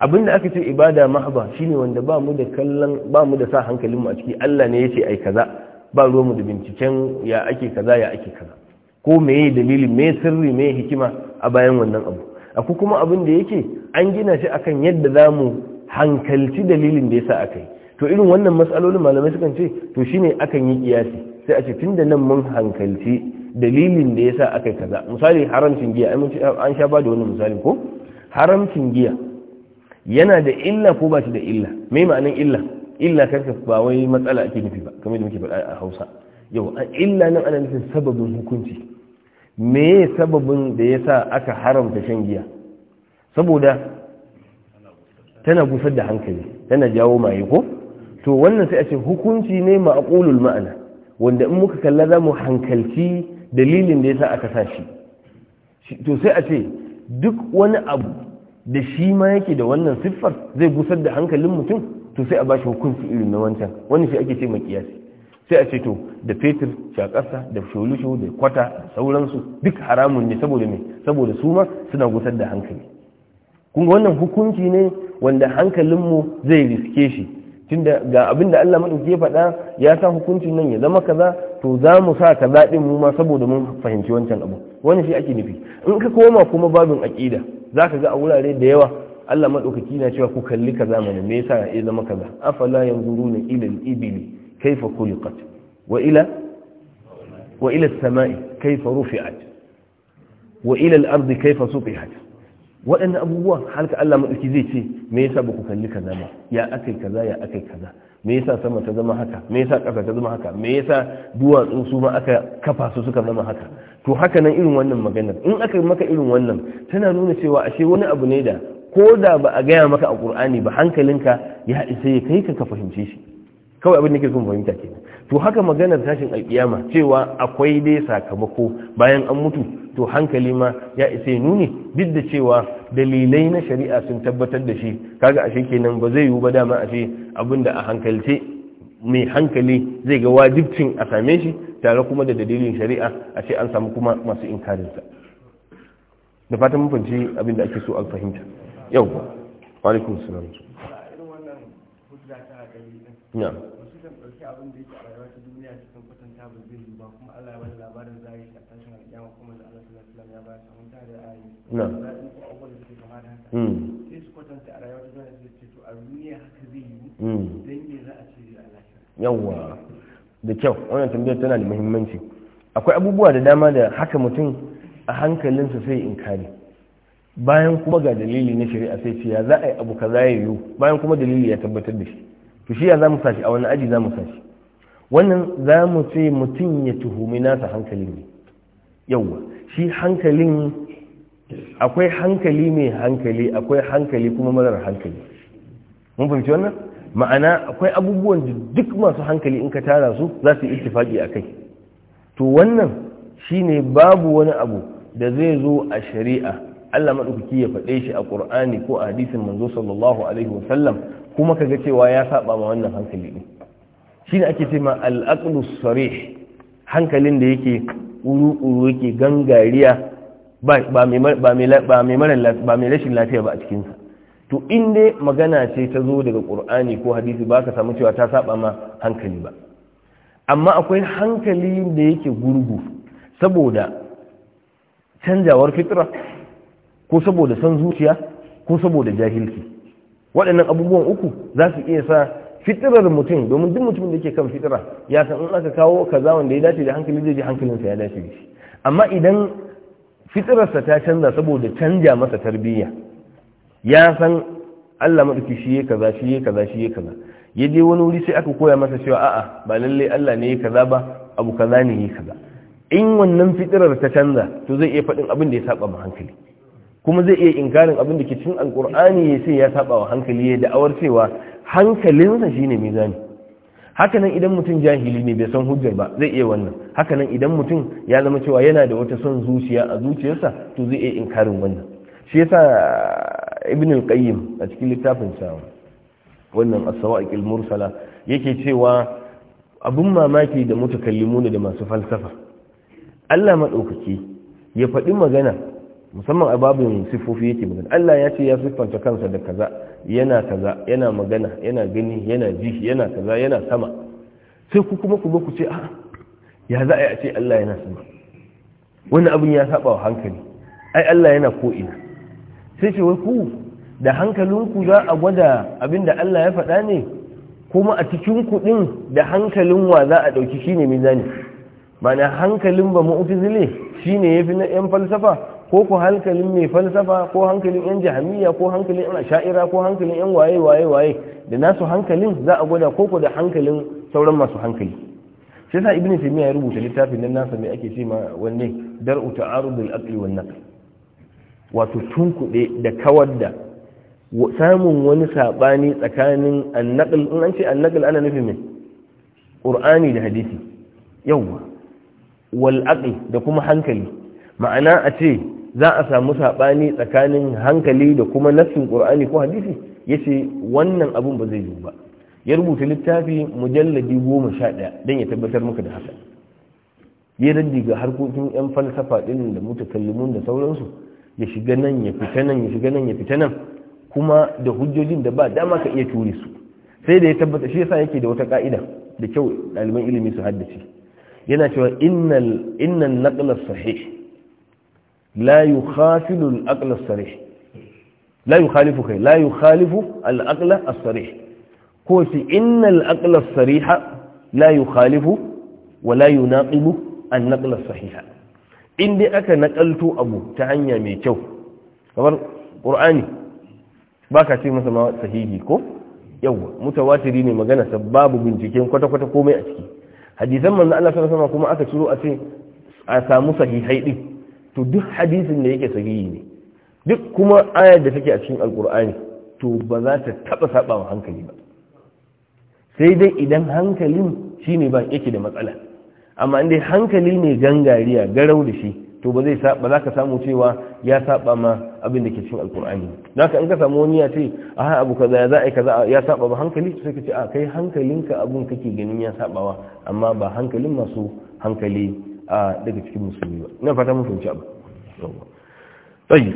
abin da aka ce ibada mahba shine wanda ba mu da kallon ba mu da sa hankalin mu a ciki Allah ne ya ce ai kaza ba ruwan mu da binciken ya ake kaza ya ake kaza ko meye dalilin me sirri me hikima a bayan wannan abu akwai kuma abin da yake an gina shi akan yadda za mu hankalci dalilin da ya sa aka yi to irin wannan matsalolin malamai sukan ce to shine akan yi kiyasi sai a ce tun da nan mun hankalci dalilin da ya sa aka yi kaza misali haramcin giya an sha ba da wani misali ko haramcin giya yana da illa ko ba shi da illa mai ma'anin illa illa karka ba wai matsala ake nufi ba kamar da muke faɗa a hausa yau illa nan ana nufin sababin hukunci me sababin da ya sa aka haramta shan giya saboda tana gusar da hankali tana jawo maye ko to wannan sai a ce hukunci ne ma'aqulul ma'ana wanda in muka kalla za mu hankalci dalilin da ya sa aka sa shi to sai a ce duk wani abu da shi ma yake da wannan siffar zai gusar da hankalin mutum to sai a ba shi hukunci irin na wancan wannan shi ake ce makiyasi sai a ce to da fetur shakarsa da sholusho da kwata da sauransu duk haramun ne saboda me saboda su ma suna gusar da hankali kun wannan hukunci ne wanda hankalinmu zai riske shi tunda ga abin da Allah madauki ya faɗa ya sa hukuncin nan ya zama kaza to za mu sa kaza din mu ma saboda mun fahimci wancan abu wani shi ake nufi in ka koma kuma babin aƙida za ka ga a wurare da yawa Allah madaukaki na cewa ku kalli kaza mana me yasa ya zama kaza afala yanzuruna ila al-ibli kaifa khuliqat wa ila wa ila samai kaifa rufi'at wa ila al-ardi kaifa sutihat waɗannan abubuwa halka Allah maɗauki zai ce me yasa ba kalli kaza ba ya akai kaza ya akai kaza me yasa sama ta zama haka me yasa ƙasa ta zama haka me yasa duwatsu su ma aka kafa su suka zama haka to haka nan irin wannan maganar in aka maka irin wannan tana nuna cewa ashe wani abu ne da ko da ba a gaya maka a ƙur'ani ba hankalinka ya isa ya kai ka ka fahimce shi kawai abin da ke son fahimta ke to haka maganar tashin alkiyama cewa akwai dai sakamako bayan an mutu to hankali ma ya isa nuni duk da cewa dalilai na shari'a sun tabbatar da shi kaga ashe kenan ba zai yiwu ba dama ashe abin da a hankalce mai hankali zai ga wajibcin a same shi tare kuma da dalilin shari'a a ce an samu kuma masu inkarinsa da fatan mun fahimci abin da ake so a fahimta yau wa alaikum Yeah. abin da yake a rayuwa ta duniya cikin kwatanta ba zai yi ba kuma Allah ya bada labarin zai a tashin alƙiyama kuma da Allah sallallahu alaihi wasallam ya bada ta mun tare da ayi na da in ko abubuwan da suke kama da haka hmm. sai su kwatanta a rayuwa ta duniya su ce to a duniya haka zai yi hmm. dan me za a ce da Allah yawa da kyau wannan tambayar tana da muhimmanci akwai abubuwa da dama da haka mutum a hankalinsa sai in kare bayan kuma ga dalili na shari'a sai ce ya za a yi abu kaza ya yiwu bayan kuma dalili ya tabbatar da shi to shi ya za mu sashi a wani aji za mu sashi wannan za mu ce mutum ya tuhumi nasa hankalin ne yauwa shi hankalin akwai hankali mai hankali akwai hankali kuma marar hankali mun fahimci wannan ma'ana akwai abubuwan da duk masu hankali in ka tara su za su yi ittifaki a kai to wannan shine babu wani abu da zai zo a shari'a Allah maɗaukaki ya faɗe shi a ƙur'ani ko a hadisin manzo sallallahu alaihi wasallam kuma ka ga cewa ya saba ma wannan hankali ne shine ake ce ma al-aqlu hankalin da yake uru-uru yake gangariya ba mai rashin lafiya ba a cikinsa to in inda magana ce ta zo daga ƙur'ani ko hadisi ba ka samu cewa ta saba ma hankali ba amma akwai hankali da yake gurgu saboda canjawar fitra ko saboda son zuciya ko saboda jahilci waɗannan abubuwan uku za su iya sa fitirar mutum domin duk mutumin da ke kan fitira ya san in aka kawo kaza wanda ya dace da hankali zai ji hankalinsa ya dace da shi amma idan fitirarsa ta canza saboda canja masa tarbiyya ya san Allah maɗauki shi ya kaza shi ya kaza shi ya kaza ya je wani wuri sai aka koya masa cewa a'a ba lallai Allah ne ya kaza ba abu kaza ne ya kaza in wannan fitirar ta canza to zai iya faɗin abin da ya saba ma hankali kuma zai iya inkarin abin da ke cikin alkur'ani ya sai ya saba wa hankali ya da'awar cewa hankalinsa shine mizani hakanan idan mutum jahili ne bai san hujjar ba zai iya wannan hakanan idan mutum ya zama cewa yana da wata son zuciya a zuciyarsa to zai iya inkarin wannan shi yasa ibn al-qayyim a cikin littafin sa wannan as-sawa'iq al-mursala yake cewa abun mamaki da mutakallimuna da masu falsafa Allah madaukaki ya faɗi magana musamman a babin sifofi yake magana Allah ya ce ya siffanta kansa da kaza yana kaza yana magana yana gani yana ji yana kaza yana sama sai ku kuma ku ku ce a ya za a yi a ce Allah yana sama wani abin ya saba wa hankali ai Allah yana ko ina sai ce wai ku da hankalinku za a gwada abin da Allah ya faɗa ne kuma a cikin kuɗin da hankalin wa za a ɗauki shine mizani ma'ana hankalin ba mu'tazili shine yafi na yan falsafa ko ku hankalin mai falsafa ko hankalin yan jahamiya ko hankalin yan sha'ira ko hankalin yan waye waye waye da nasu hankalin za a gwada ko ku da hankalin sauran masu hankali sai sa ibn taymiya ya rubuta littafin nan nasa mai ake ce ma wanne dar'u ta'arud al-aql wan naql wato tunkuɗe da kawar da samun wani sabani tsakanin annaql in an ce annaql ana nufin me qur'ani da hadisi yawa wal aql da kuma hankali ma'ana a ce za a samu saɓani tsakanin hankali da kuma nassin ƙur'ani ko hadisi ya ce wannan abun ba zai yiwu ba ya rubuta littafi mujalladi goma sha ɗaya don ya tabbatar maka da haka ya raddi ga harkokin 'yan falsafa ɗin da mutakallimun da sauransu ya shiga nan ya fita nan ya shiga nan ya fita nan kuma da hujjojin da ba dama ka iya ture su sai da ya tabbata shi yasa yake da wata ka'ida da kyau ɗaliban ilimi su haddace yana cewa innal innal naqla sahih la yukhalifu al-aql as-sarih la yukhalifu kai la yukhalifu al-aql as-sarih ko ce inna al-aql sariha la yukhalifu wa la yunaqibu an-naql sahiha in dai aka nakalto abu ta hanya mai kyau kamar qur'ani baka ce masa ma sahihi ko yawa mutawatiri ne magana babu binciken kwata-kwata komai a ciki hadisan manzo Allah sallallahu alaihi kuma aka ciro a ce a samu sahihai din to duk hadisin da yake sahihi ne duk kuma ayar da take a cikin alkur'ani to ba za ta taba saba wa hankali ba sai dai idan hankalin shine ba yake da matsala amma indai hankali ne gangariya garau da shi to ba zai za ka samu cewa ya saba ma abin da ke cikin alkur'ani Na ka in ka samu wani ya ce a abu kaza za a yi kaza ya saba ba hankali sai ka ce a kai hankalinka abun kake ganin ya sabawa amma ba hankalin masu hankali a daga cikin musulmi ba ina fata mun fahimci abu tsayi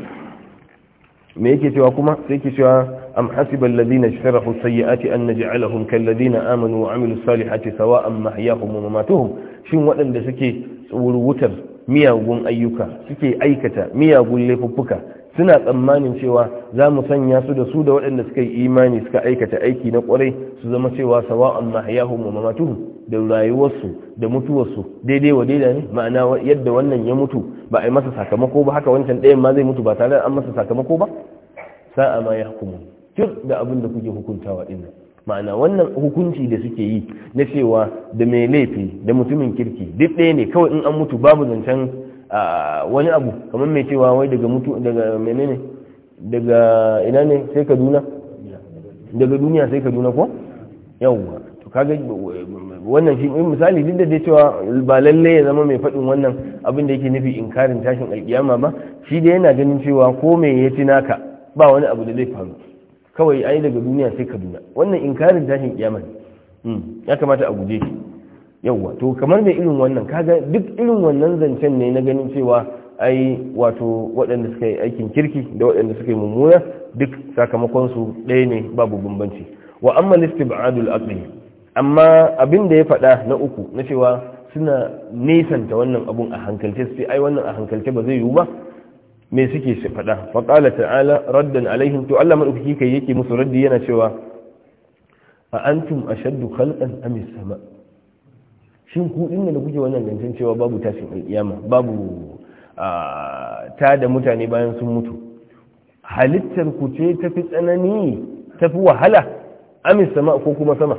me yake cewa kuma sai yake cewa am hasiba alladhina ishtarahu sayyi'ati an naj'alahum kal ladina amanu wa amilus salihati sawa'an mahyahum wa mamatuhum shin waɗanda suke tsurwutar miyagun ayyuka suke aikata miyagun laifuffuka suna tsammanin cewa za mu sanya su da su da waɗanda suka yi imani suka aikata aiki na ƙwarai su zama cewa sawa'an ya hu mamatuhum da rayuwarsu da mutuwarsu daidai wa daidai ne ma'ana yadda wannan ya mutu ba a yi masa sakamako ba haka wancan ɗayan ma zai mutu ba tare da an masa sakamako ba sa'a ma ya hukumu cir da abin da kuke hukuntawa ɗin ma'ana wannan hukunci da suke yi na cewa da mai laifi da mutumin kirki duk ɗaya ne kawai in an mutu babu zancen wani abu kamar mai cewa wai daga mutu daga menene daga ina ne sai kaduna daga duniya sai kaduna ko yawwa to kaga wannan shi misali duk da dai cewa ba lalle ya zama mai faɗin wannan abin da yake nufi inkarin tashin alkiyama ba shi da yana ganin cewa ko me ya tinaka ba wani abu da zai faru kawai ai daga duniya sai kaduna wannan inkarin tashin kiyama ne hmm, ya kamata a guje shi yawwa to kamar mai irin wannan kaga duk irin wannan zancen ne na ganin cewa ai wato waɗanda suka yi aikin kirki da waɗanda suka yi mummuna duk sakamakonsu ɗaya ne babu bambanci wa amma istibadul aqli amma abin da ya faɗa na uku na cewa suna nesanta wannan abun a hankalce su ai wannan a hankalce ba zai yiwu ba me suke shi faɗa fa qala ta'ala raddan alaihim to Allah madaukaki kai yake musu raddi yana cewa a antum ashaddu khalqan am sama shin ku da kuke wannan zancen cewa babu tashin alkiyama babu ta da mutane bayan sun mutu halittar ku ce fi tsanani fi wahala amin sama ko kuma sama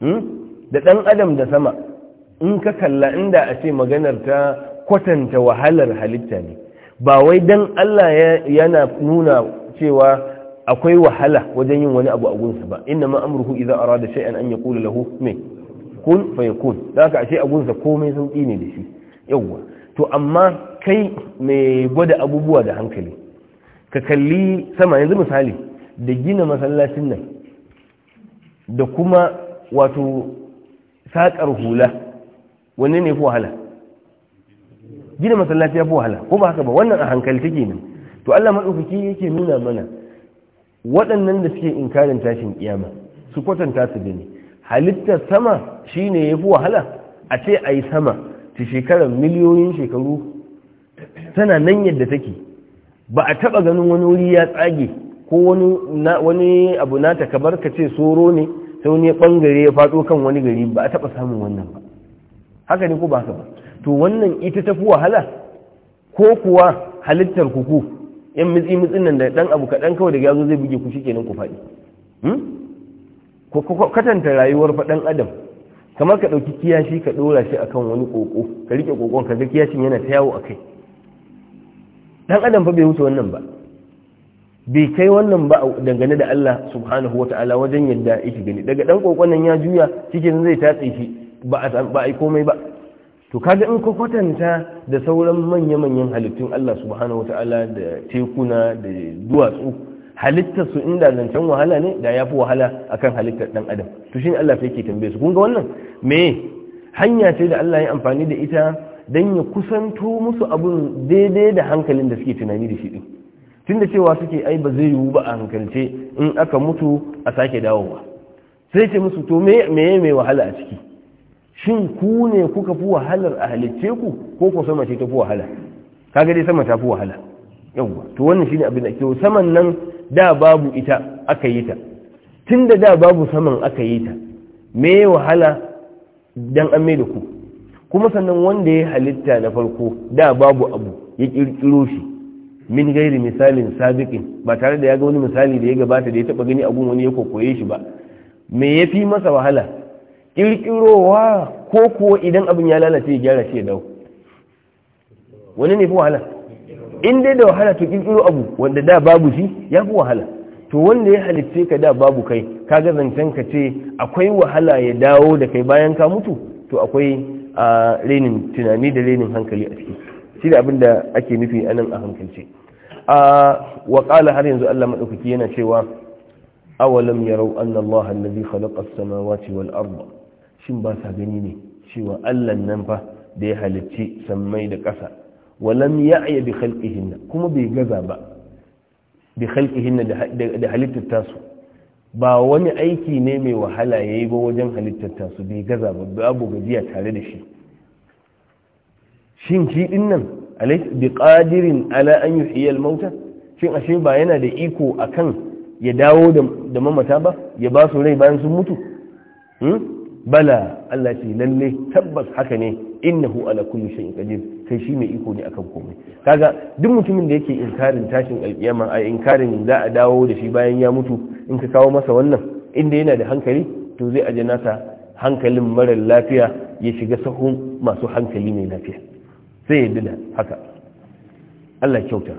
hmm? da ɗan adam da sama in ka kalla inda a ce maganar ta kwatanta wahalar halitta ne ba wai dan Allah yana nuna cewa akwai wahala wajen yin wani abu a gunsa ba inna ma amruhu idza arada shay'an an yaqulu lahu mai kun fa da aka ashe abunsa komai sauki ne da shi yawwa to amma kai mai gwada abubuwa da hankali ka kalli sama yanzu misali da gina masallacin nan da kuma wato saƙar hula wanne ne fi wahala gina masallaci ya fi wahala ko ba haka ba wannan a hankali take nan to Allah maɗaukaki yake nuna mana waɗannan da suke inkarin tashin kiyama su kwatanta su da ne halittar sama shine ya fi wahala a ce a yi sama ta shekarar miliyoyin shekaru tana nan yadda take ba a taba ganin wani wuri ya tsage ko wani abu nata kamar ka ce soro ne sai wani bangare ya faɗo kan wani gari ba a taba samun wannan ba haka ne ko ba haka ba to wannan ita ta fi wahala ko kuwa halittar kuku yan mitsi mitsin nan da dan abu kaɗan kawai daga yazo zai buge ku kenan ku faɗi hmm? ko katanta rayuwar faɗan adam kamar ka ɗauki kiyashi ka ɗora shi akan wani ƙoƙo ka riƙe ƙoƙon ka ga kiyashin yana ta yawo a kai ɗan adam fa bai wuce wannan ba bai kai wannan ba dangane da Allah subhanahu wa ta'ala wajen yadda yake gani daga ɗan ƙoƙon nan ya juya cikin zai tatse shi ba a yi komai ba to kaga in ka kwatanta da sauran manya-manyan halittun Allah subhanahu wa ta'ala da tekuna da duwatsu halittar su inda zancen wahala ne da ya fi wahala a kan halittar ɗan adam to shine Allah sai ke tambaye su kunga ga wannan me hanya ce da Allah ya amfani da ita don ya kusanto musu abun daidai da hankalin da suke tunani da shi din tunda cewa suke ai ba zai yiwu ba a hankalce in aka mutu a sake dawowa sai ce musu to me me me wahala a ciki shin ku ne kuka fi wahalar a halicce ku ko ko sama ce ta fi wahala kaga dai sama ta fi wahala yawwa to wannan shine abin da ke saman nan da babu ita aka yi ta tun da da babu saman aka yi ta me wahala dan an mai da ku kuma sannan wanda ya halitta na farko da babu abu ya kirkiro shi min gairi misalin sabiqin ba tare da ya ga wani misali da ya gabata da ya taba gani abun wani ya kokoye shi ba me ya fi masa wahala Ƙirƙirowa ko kuwa idan abin ya lalace ya gyara shi ya dau? wani ne fi wahala in dai da wahala to kirkiro abu wanda da babu shi ya fi wahala to wanda ya halitta ka da babu kai kaga zancen ka ce akwai wahala ya dawo da kai bayan ka mutu to akwai a renin tunani da renin hankali a ciki shi da abin da ake nufi anan a hankalce a waƙala har yanzu Allah maɗaukaki yana cewa awalam yarau anna Allah allazi khalaqa as-samawati wal arda shin ba sa gani ne cewa Allah nan fa da ya halitta sammai da ƙasa walam ya'ya bi khalqihinna kuma bai gaza ba bi khalqihinna da halittar tasu ba wani aiki ne mai wahala yayi ba wajen halittar tasu bai gaza ba abu gajiya tare da shi shin shi din nan alaysa bi qadirin ala an yuhyiya al mauta shin ashe ba yana da iko akan ya dawo da mamata ba ya ba su rai bayan sun mutu hmm? bala Allah ce lallai tabbas haka ne innahu ala kulli shay'in qadir kai shi mai iko ne akan komai kaga duk mutumin da yake inkarin tashin alkiyama a inkarin za a dawo da shi bayan ya mutu in ka kawo masa wannan inda yana da hankali to zai aje nasa hankalin marar lafiya ya shiga sahun masu hankali mai lafiya sai yadda da haka Allah kyauta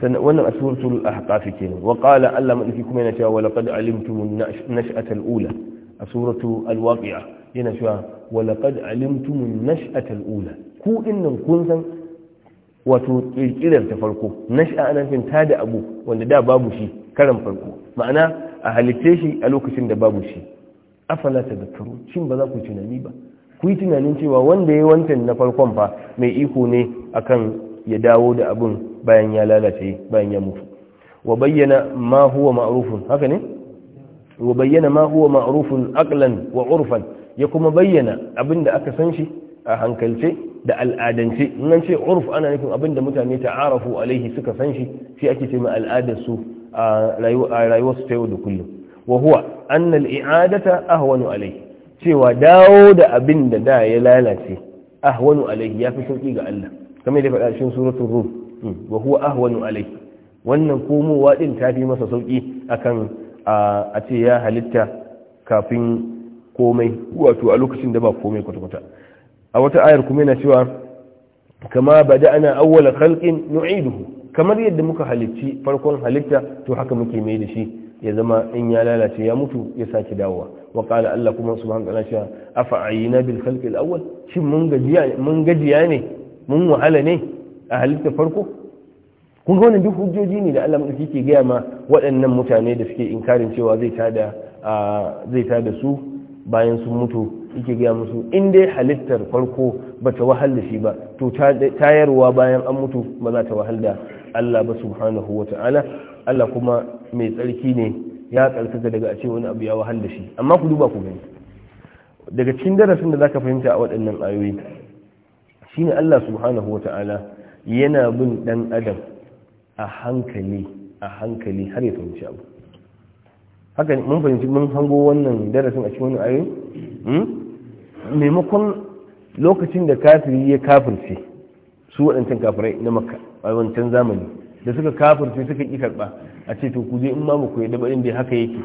sannan wannan asuratul ahqaf kenan wa qala Allah madaki kuma yana cewa wa laqad alimtum nash'atal ula asuratu alwaqi'a yana cewa wa laqad alimtum nash'atal ula ku nan kun san wato ƙirƙirar ta farko nash'a ana fin ta da abu wanda da babu shi karan farko ma'ana a halitta shi a lokacin da babu shi afala ta karo shin ba za ku tunani ba ku yi tunanin cewa wanda ya wancan na farkon fa mai iko ne akan ya dawo da abin bayan ya lalace bayan ya mutu wa bayyana ma huwa ma'rufun haka ne wa bayyana ma huwa ma'rufun aqlan wa urfan ya kuma bayyana abin da aka san shi a hankalce da al'adance in ce urf ana nufin abin da mutane arafu alaihi suka san shi shi ake ce mai al'adar su a rayuwar su ta yau da kullum wa huwa anna al'adata ahwanu alaihi cewa dawo da abin da da ya lalace ahwanu alaihi ya fi sauki ga Allah kamar da faɗa cikin suratul rum hmm. wa huwa ahwanu alaihi wannan komowa din ta fi masa sauki akan a ce ya halitta kafin komai wato a lokacin da ba komai kwata-kwata a wata ayar kuma yana cewa kama bada'ana awwala khalqin nu'iduhu kamar yadda muka halicci farkon halitta to haka muke mai da shi ya zama in ya lalace ya mutu ya sake dawowa wa qala Allah kuma subhanahu wa ta'ala afa ayina bil khalqi al awwal shin mun gajiya mun gajiya ne mun wahala ne a halitta farko kun ga wannan duk hujjoji ne da Allah madauki ke gaya ma waɗannan mutane da suke inkarin cewa zai tada zai tada su bayan sun mutu yake gaya musu in dai halittar farko ba ta wahal da shi ba to tayarwa bayan an mutu ba za ta wahal da Allah ba subhanahu wa ta'ala Allah kuma mai tsarki ne ya tsarkaka daga a ce wani abu ya wahal da shi amma ku duba ku gani daga cikin darasin da zaka fahimta a waɗannan ayoyi shine Allah subhanahu wa ta'ala yana bin dan adam a hankali a hankali har ya fahimci abu haka mun fahimci mun hango wannan darasin a cikin wani ayoyi hmm? maimakon lokacin da kafiri ya kafirce su waɗancan kafirai na makka a wancan zamani da suka kafirce suka ƙi karɓa a ce to ku je in ma ku yi ba da haka yake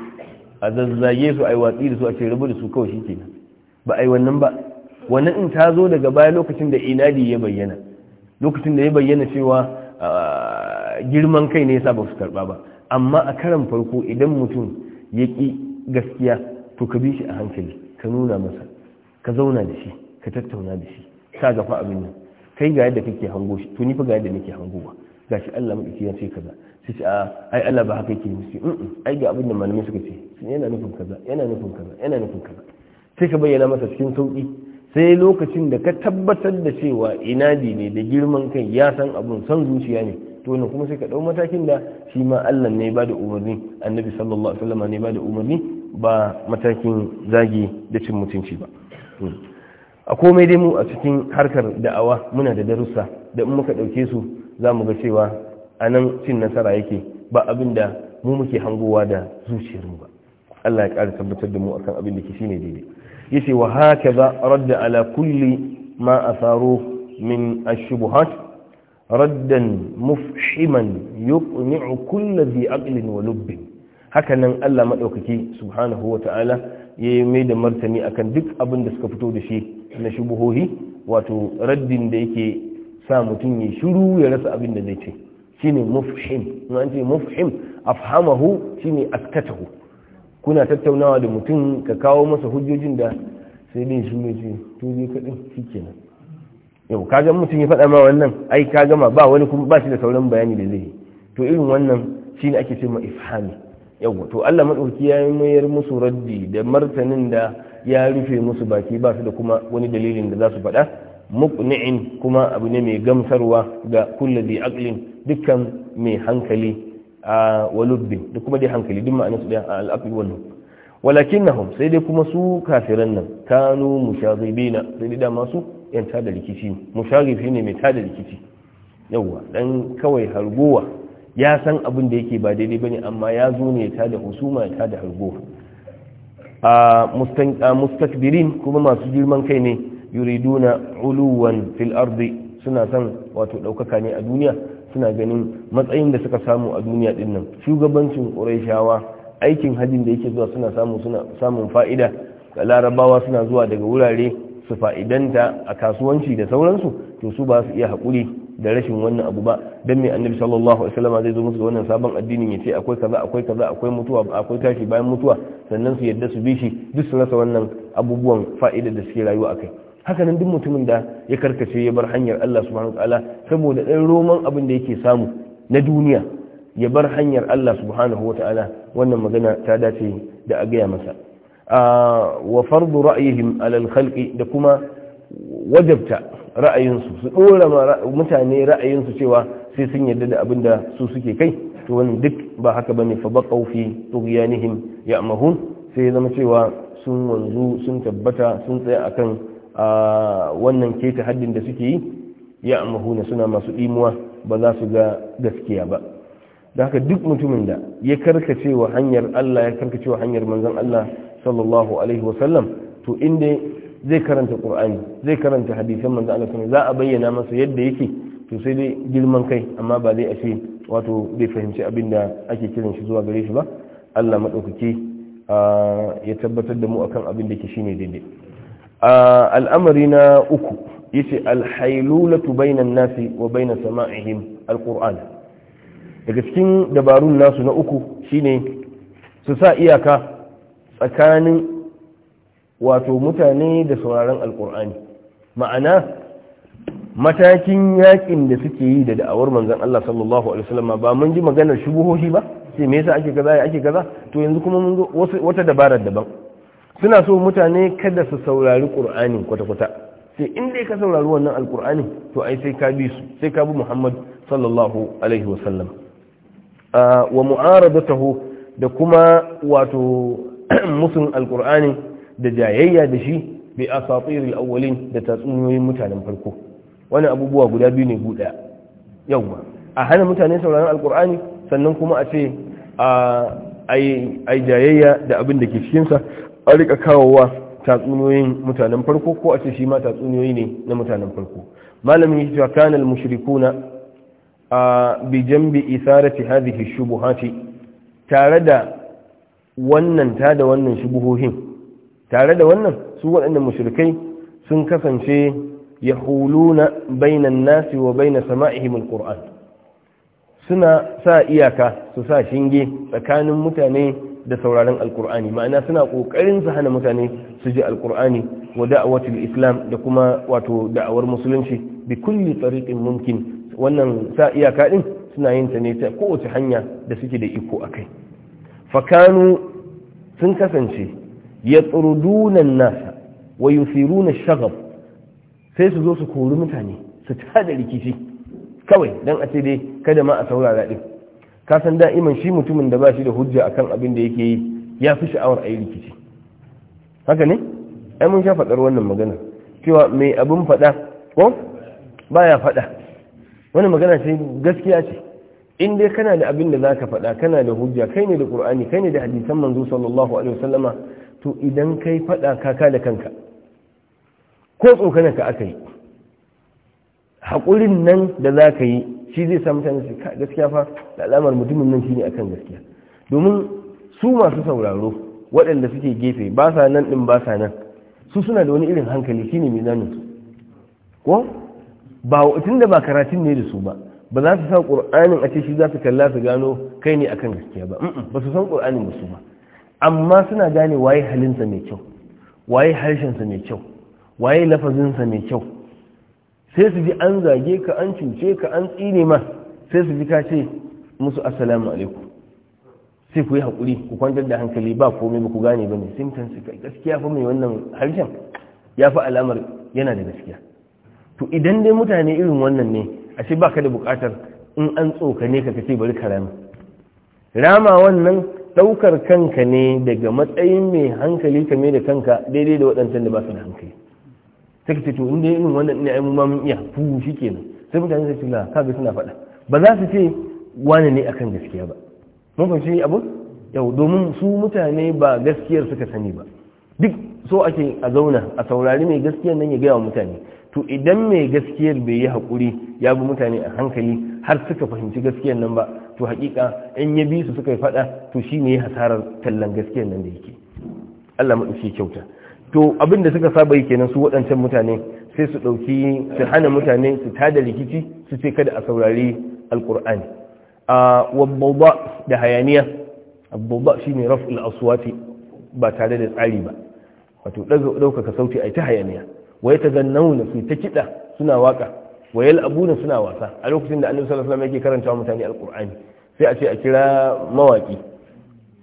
a zazzage su a yi watsi da su a ce rabu da su kawai shi kenan ba a yi wannan ba wannan in ta zo daga baya lokacin da inadi ya bayyana lokacin da ya bayyana cewa girman kai ne yasa ba su karɓa ba amma a karan farko idan mutum ya ƙi gaskiya to ka bi shi a hankali ka nuna masa ka zauna da shi ka tattauna da shi ka gafa abin nan kai ga yadda kake hango shi to ni fa ga yadda nake hango Ga gashi Allah madauki ya ce kaza sai ce ai Allah ba haka yake nufi ai ga abin da malamai suka ce yana nufin kaza yana nufin kaza yana nufin kaza sai ka bayyana masa cikin sauki sai lokacin da ka tabbatar da cewa inadi ne da girman kai ya san abun san zuciya ne to ne kuma sai ka dau matakin da shi ma Allah ne ba da umarni annabi sallallahu alaihi wasallam ne ba da umarni ba matakin zagi da cin mutunci ba Hmm. a komai dai mu a cikin harkar da'awa muna da darussa da in muka ɗauke su za mu ga cewa a nan cin nasara yake ba abin da mu muke hangowa da zuciyarmu ba Allah ya ƙara tabbatar da mu akan abin da ke shine daidai yace wa haka za radda ala kulli ma asaru min ash-shubuhat raddan mushiman yuqni'u kulli dhi aqlin wa lubbin haka nan Allah madaukaki subhanahu wa ta'ala ya yi mai da martani akan duk abin da suka fito da shi na shubuhohi wato raddin da yake sa mutum ya shiru ya rasa abin da zai ce shine mufhim na an ce mufhim afhamahu shine askatahu kuna tattaunawa da mutum ka kawo masa hujjojin da sai dai shi ne ce to je ke shikenan yau kaga mutum ya faɗa ma wannan ai ka gama ba wani kuma ba shi da sauran bayani da zai to irin wannan shine ake ce ma ifhami yau to Allah madauki ya mayar musu raddi da martanin da ya rufe musu baki ba su da kuma wani dalilin da za su faɗa muqni'in kuma abu ne mai gamsarwa ga kulli bi aqlin dukkan mai hankali a walubbin da kuma dai hankali duk ma'anar su da al wal walakinnahum sai dai kuma su kafiran nan kanu mushaghibina sai dai da masu yan tada rikici mushaghib ne mai tada rikici yawa dan kawai harguwa ya san abin da yake ba daidai bane amma ya zo ne ta da husuma ta da hargo a mustakbirin kuma masu girman kai ne yuriduna uluwan fil ardi suna san wato daukaka ne a duniya suna ganin matsayin da suka samu a duniya din nan shugabancin uraishawa aikin hajin da yake zuwa suna samu suna samun fa'ida ga larabawa suna zuwa daga wurare su fa'idanta a kasuwanci da sauransu to su ba su iya haƙuri da rashin wannan abu ba dan mai annabi sallallahu alaihi wasallam zai zo musu da wannan sabon addinin ya ce akwai kaza akwai kaza akwai mutuwa akwai tashi bayan mutuwa sannan su yadda su bi shi duk su rasa wannan abubuwan fa'ida da suke rayuwa akai haka nan duk mutumin da ya karkace ya bar hanyar Allah subhanahu wataala saboda ɗan roman abin da yake samu na duniya ya bar hanyar Allah subhanahu wataala wannan magana ta dace da a gaya masa ah, wa fardu ra'ayihim alal khalqi da kuma wajabta ra'ayinsu su ɗora mutane ra'ayinsu cewa sai sun yarda da abin da su suke kai to wani duk ba haka bane fa baqaw fi tughyanihim ya'mahun sai ya zama cewa sun wanzu sun tabbata sun tsaya akan wannan keta haddin da suke yi ya'mahuna suna masu dimuwa ba za su ga gaskiya ba da haka duk mutumin da ya karkacewa hanyar Allah ya karkacewa hanyar manzon Allah sallallahu alaihi wasallam to inda zai karanta qur'ani zai karanta hadisan manzo Allah sallallahu za a bayyana masa yadda yake to sai dai girman kai amma ba zai ashe wato bai fahimci abin da ake kiran shi zuwa gare shi ba Allah madaukaki ya tabbatar da mu akan abin da ke shine daidai al'amari na uku yace alhailulatu bainan nasi wa baina sama'ihim alquran daga cikin dabarun nasu na uku shine su sa iyaka tsakanin wato mutane da sauraron alkur'ani ma'ana matakin yakin da suke yi da da'awar manzan Allah sallallahu alaihi wasallam ba mun ji maganar shubuhohi ba sai me yasa ake kaza ake kaza to yanzu kuma mun wata dabarar daban suna so mutane kada su saurari qur'ani kwata kwata sai in dai ka saurari wannan alqur'ani to ai sai ka bi su sai ka bi Muhammad sallallahu alaihi wasallam wa mu'aradatahu da kuma wato [CLEARS THROAT] musun alqur'ani da jayayya da shi bi asatiril awalin da tatsuniyoyin mutanen farko wani abubuwa guda biyu ne guda ba a hana mutane sauraron alkur'ani sannan kuma a ce a jayayya da abin da ke cikinsa a rika kawowa tatsuniyoyin mutanen farko ko a ce shi ma tatsuniyoyi ne na mutanen farko malamin yake cewa kanal mushrikuna bi jambi isarati hadhihi shubuhati tare da wannan ta da wannan shubuhohin tare da wannan su waɗannan mushirikai sun kasance huluna bainan nasi wa baina sama'ihim alquran suna sa iyaka su sa shinge tsakanin mutane da sauraron Alƙur'ani, ma'ana suna kokarin su hana mutane su ji alqur'ani wa da'awatul islam da kuma wato da'awar musulunci bi kulli tariqin mumkin wannan sa iyaka din suna yin ta ne ta kowace hanya da suke da iko akai fakanu sun kasance yatruduna nasa wa yusiruna shagab sai su zo su kori mutane su tada rikici kawai dan a ce dai kada ma a saurara din ka san da'iman shi mutumin da ba shi da hujja akan abin da yake yi ya fi sha'awar ayi rikici haka ne ai mun sha faɗar wannan magana cewa mai abin faɗa ko baya faɗa Wannan magana sai gaskiya ce in dai kana da abin da zaka faɗa kana da hujja kai ne da qur'ani kai ne da hadisan manzo sallallahu alaihi wasallama to idan kai faɗa kaka da kanka ko tsokanar ka aka yi haƙurin nan da za ka yi shi zai sa mutane su gaskiya fa da alamar mutumin nan shine akan gaskiya domin su masu sauraro waɗanda suke gefe ba sa nan ɗin ba sa nan su suna da wani irin hankali shine ne su ko ba tun da ba karatun ne da su ba ba za su san ƙur'anin a ce shi za su kalla su gano kai ne akan gaskiya ba ba su san ƙur'anin da su ba amma suna gane waye halinsa mai kyau waye harshensa mai kyau waye lafazinsa mai kyau sai su ji an zage ka an cuce ka an tsine ma sai su ji ka ce musu assalamu alaikum sai ku yi haƙuri ku kwantar da hankali ba komai ba ku gane ba ne simtan su gaskiya fa mai wannan harshen ya fi alamar yana da gaskiya to idan dai mutane irin wannan ne ashe ba ka da buƙatar in an tsokane ka kace bari ka rama rama wannan Daukar kanka ne daga matsayin mai hankali ka da kanka daidai da waɗancan da ba su da hankali sai ce to inda yin irin wannan ne ai mu ma mun iya fu shikenan sai mutane su ce la kaga suna faɗa ba za su ce wani ne akan gaskiya ba mun fahimci abu yau domin su mutane ba gaskiyar suka sani ba duk so ake a zauna a saurari mai gaskiyar nan ya gaya wa mutane to idan mai gaskiyar bai yi haƙuri ya bi mutane a hankali har suka fahimci gaskiyar nan ba to hakika in ya bi su suka yi faɗa, to shine ya hasarar tallan gaskiyar nan da yake Allah madauki kyauta to abin da suka saba yi kenan su waɗancan mutane sai su ɗauki su hana mutane su tada rikici su ce kada a saurari alkur'ani a wabbauba da hayaniya shi shine raf'ul aswati ba tare da tsari ba wato ɗaukaka sauti a ta hayaniya wai ta zannauna su ta kiɗa suna waka wa abuna suna wasa a lokacin da annabi sallallahu alaihi wasallam yake karanta mutane alqur'ani sai a ce a kira mawaki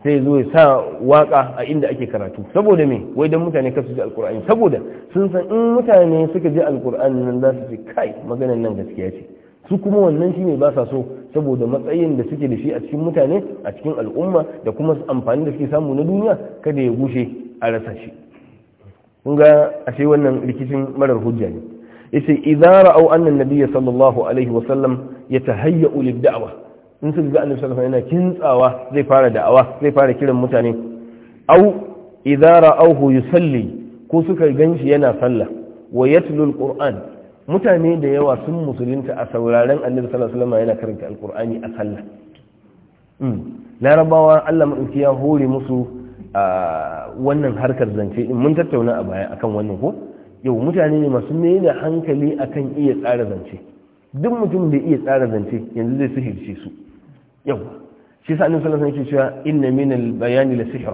sai zo ya sa waka a inda ake karatu saboda me wai dan mutane kasu ji alqur'ani saboda sun san in mutane suka ji alqur'ani nan za su ji kai maganar nan gaskiya ce su kuma wannan shine ba sa so saboda matsayin da suke da shi a cikin mutane a cikin al'umma da kuma amfani da suke samu na duniya kada ya gushe a rasa shi kun ga ashe wannan rikicin marar hujja ne yace idza au annan an sallallahu alaihi wa sallam yatahayya'u lid-da'wa in sun ga annabi sallallahu alaihi yana kintsawa zai fara da'awa zai fara kiran mutane aw au ra'awhu yusalli ko suka ganshi yana sallah wa quran mutane da yawa sun musulunta a sauraren annabi sallallahu alaihi yana karanta alqur'ani a sallah hmm. larabawa Allah madauki ya hore musu ah, wannan harkar zance mun tattauna a baya akan wannan ko yau mutane ne masu da hankali akan iya tsara zance duk mutum da iya tsara zance yanzu zai sihirce su yau shi sa annabi sallallahu alaihi cewa inna min al-bayani da sihr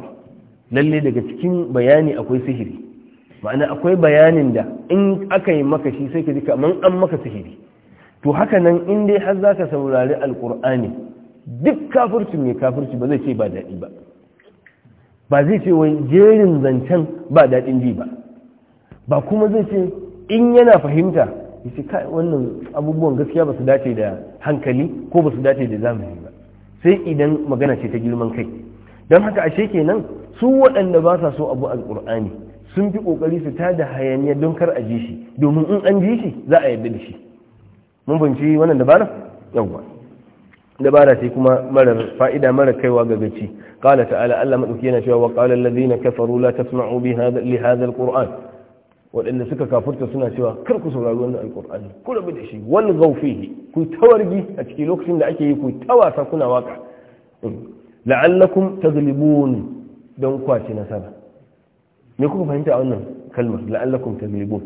lalle daga cikin bayani akwai sihiri ma'ana akwai bayanin da in aka yi maka shi sai ka ji kaman an maka sihiri to haka nan in dai har zaka saurari alkur'ani duk kafirci mai kafirci ba zai ce ba daɗi ba ba zai ce wai jerin zancen ba daɗin ji ba ba kuma zai ce in yana fahimta ya ce wannan abubuwan gaskiya ba su dace da hankali ko ba su dace da zamani ba sai idan magana ce ta girman kai don haka ashe kenan su waɗanda ba sa so abu alƙur'ani sun fi ƙoƙari su ta da hayaniya don kar a ji shi domin in an ji shi za a yarda da shi mun fahimci wannan dabara yawwa dabara ce kuma marar fa'ida marar kaiwa ga gaci qala ta'ala Allah madauki cewa wa qala alladhina kafaru la tasma'u bi hadha waɗanda suka kafurta suna cewa kar ku saurari wannan alƙur'ani ku rabu da shi wani gaufihi ku tawargi a cikin lokacin da ake yi ku tawasa kuna waka mm. la'allakum taglibun don kwace nasara me kuka fahimta a wannan kalmar la'allakum taglibun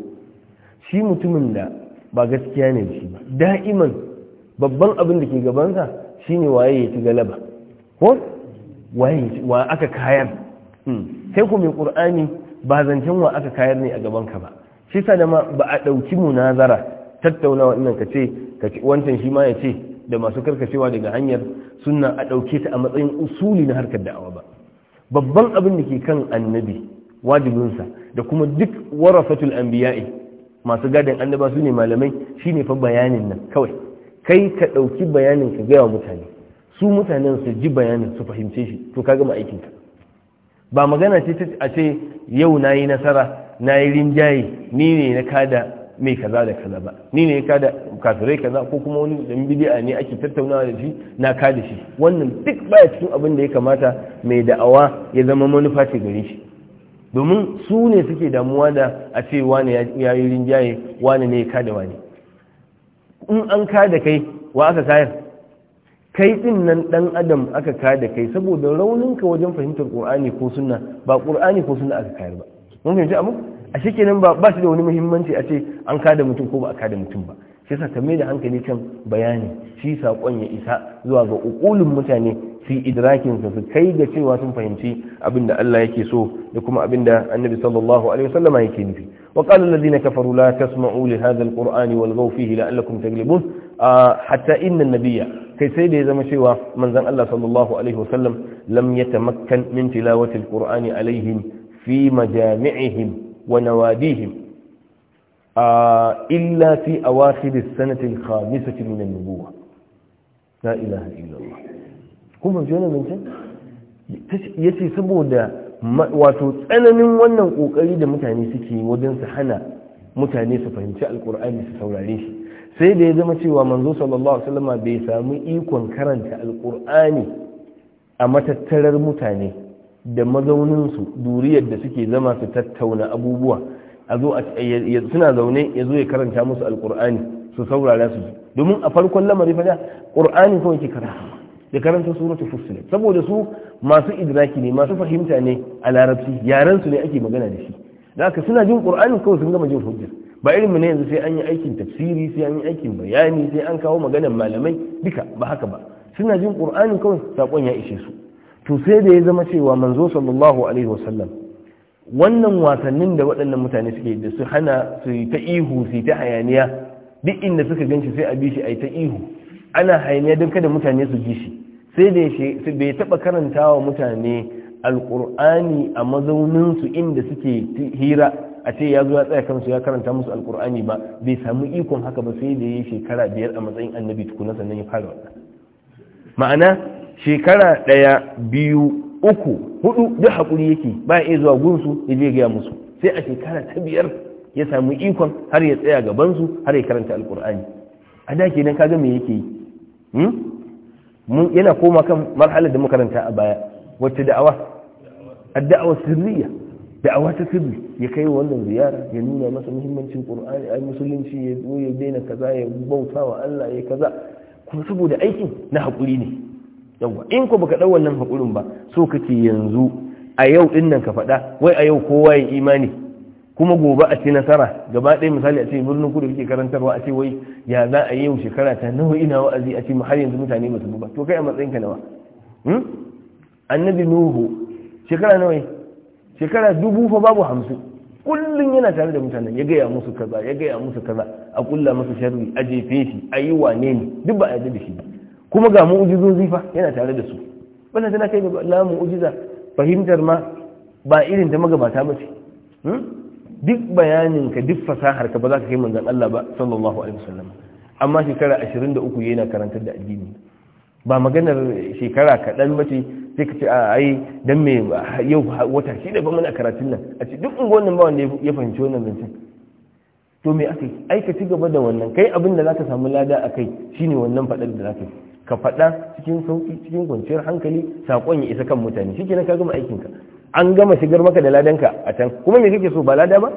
shi mutumin da ba gaskiya ne shi ba da'iman babban abin da ke gabansa shine waye ya ci galaba ko waye wa aka kayar sai mm. ku mai qur'ani ba zancen wa aka kayar ne a gabanka ba shi sa da ma ba a ɗauki munazara tattauna wannan ka ce wancan shi ma ya ce da masu karkacewa daga hanyar suna a ɗauke ta a matsayin usuli na harkar da'awa ba babban abin da ke kan annabi wajibinsa da kuma duk warafatul anbiya'i masu gadin annaba su ne malamai shi ne fa bayanin nan kawai kai ka ɗauki bayanin ka gaya mutane su mutanen su ji bayanin su fahimce shi to ka gama aikinka ba magana ce a ce yau na yi nasara na yi rinjaye ni ne na kada mai kaza da kaza ba ni ne kada kafirai kaza ko kuma wani dan bid'a ne ake tattaunawa da shi na kada shi wannan duk baya cikin abin da ya kamata mai da'awa ya zama manufa ce gare shi domin su ne suke damuwa da a ce wane ya yi rinjaye wane ne ya kada wane in an kada kai wa aka kayar kai din nan dan adam aka kayar da kai saboda rauninka wajen fahimtar qur'ani ko sunna ba qur'ani ko sunna aka kayar ba mun fahimci abu a shi kenan ba ba shi da wani muhimmanci a ce an kada mutum ko ba a kada mutum ba shi yasa ka da hankali kan bayani shi sakon ya isa zuwa ga ukulun mutane su idrakin su kai ga cewa sun fahimci abinda Allah yake so da kuma abinda Annabi sallallahu alaihi wasallama yake nufi wa qala alladhina kafaru la tasma'u li hadha alqur'ani walghaw fihi la'allakum taglibun ah, hatta inna an-nabiyya kai sai da ya zama cewa manzan Allah sallallahu alaihi wasallam lam yatamakkan min tilawati alqur'ani alaihim fi majami'ihim wa nawadihim illa fi a as-sanati al-khamisati min an-nubuwah la Kuma illa Allah kuma ya ce saboda wato tsananin wannan ƙoƙari da mutane suke wajen su hana mutane su fahimci Alƙur'ani su saurare shi sai da ya zama cewa manzo sallallahu alaihi wasallam bai samu ikon karanta alqur'ani a matattarar mutane da mazauninsu duriyar da suke zama su tattauna abubuwa a zo suna zaune ya zo ya karanta musu alqur'ani su saurara su domin a farkon lamari fa qur'ani kawai ke karanta Da karanta suratul fussilat saboda su masu idraki ne masu fahimta ne a larabci yaran su ne ake magana da shi da suna jin qur'ani kawai sun gama jin hujjar ba ilimi ne yanzu sai an yi aikin tafsiri sai an yi aikin bayani sai an kawo maganar malamai duka ba haka ba suna jin qur'ani kawai sakon ya ishe su to sai da ya zama cewa manzo sallallahu alaihi wasallam wannan wasannin da waɗannan mutane suke da su hana su yi ta ihu su yi ta hayaniya duk inda suka ganshi sai a bi shi a yi ta ihu ana hayaniya don kada mutane su ji shi sai da ya taɓa karanta wa mutane alƙur'ani a mazauninsu inda suke hira a ce ya zo ya tsaya kansu ya karanta musu alƙur'ani ba bai samu ikon haka ba sai da ya shekara biyar a matsayin annabi tukuna sannan ya fara wannan ma'ana shekara ɗaya biyu uku hudu duk haƙuri yake ba iya zuwa gunsu ya je gaya musu sai a shekara ta biyar ya samu ikon har ya tsaya gabansu har ya karanta alƙur'ani a da ke ka kaga me yake yi hmm? yana koma kan marhalar da makaranta a baya wacce da'awa addu'a sirriya da'awa wata sirri ya kai wannan ziyara ya nuna masa muhimmancin qur'ani ai musulunci ya zo daina kaza ya bauta wa Allah ya kaza kuma saboda aikin na hakuri ne in ko baka dau wannan hakuri ba so kake yanzu a yau din nan ka faɗa wai a yau kowa ya imani kuma gobe a ce nasara gaba ɗaya misali a ce birnin kudu kake karantarwa a ce wai ya za a yau shekara ta nawa ina wa'azi a ce har yanzu mutane ba su ba to kai a matsayin ka nawa annabi nuhu shekara nawa shekara dubu fa babu hamsin kullum yana tare da mutanen ya gaya musu kaza ya gaya musu kaza a kulla musu sharri a jefe shi a yi wane ne duk ba a yarda da shi kuma ga ujizo fa yana tare da su wannan tana kai ga la ujiza fahimtar ma ba irin ta magabata ba ce hmm? duk bayanin ka duk fasahar ka ba za ka kai manzon Allah ba sallallahu alaihi wasallam amma shekara 23 yana karantar da addini ba maganar shekara kaɗan ba ce sai ka ce a ai don mai yau wata shi da ba a karatun nan a ce duk unguwannin ba wanda ya fahimci wannan zancen to me aka yi ka ci gaba da wannan kai abin da za zaka samu lada a kai shine wannan faɗar da za ka yi ka faɗa cikin sauki cikin kwanciyar hankali sakon ya isa kan mutane shi ka gama aikinka an gama shigar maka da ladanka a can kuma me kake so ba lada ba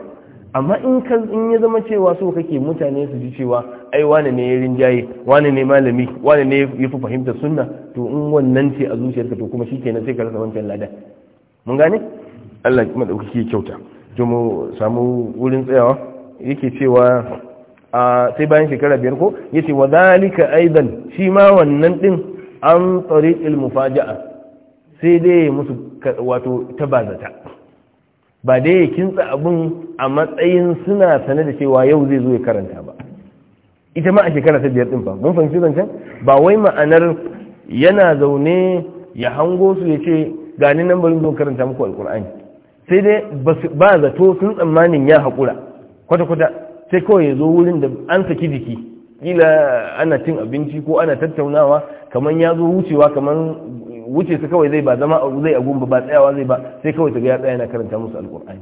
amma in kan in ya zama cewa so kake mutane su ji cewa ai wane ne ya rinjaye wane ne malami wane ne ya fi fahimta sunna to in wannan ce a zuciyarka to kuma shikenan sai ka rasa wancan lada mun gane Allah kuma daukaki kyauta to mu samu wurin tsayawa yake cewa a sai bayan shekara biyar ko yace wa zalika aidan shi ma wannan din an tariqil mufaja'a sai dai musu wato tabazata ba dai ya kintsa abin a matsayin suna sane da cewa yau zai zo ya karanta ba ita ma a shekara ta biyar din fa mun fahimci zancen ba wai ma'anar yana zaune ya hango su ya ce gani nan bari zo karanta muku alkur'ani sai dai ba zato sun tsammanin ya haƙura kwata-kwata sai kawai ya zo wurin da an saki jiki kila ana cin abinci ko ana tattaunawa kamar ya zo wucewa kamar wuce su kawai zai ba zama zai a ba ba tsayawa zai ba sai kawai ta ga ya tsaya yana karanta musu alkur'ani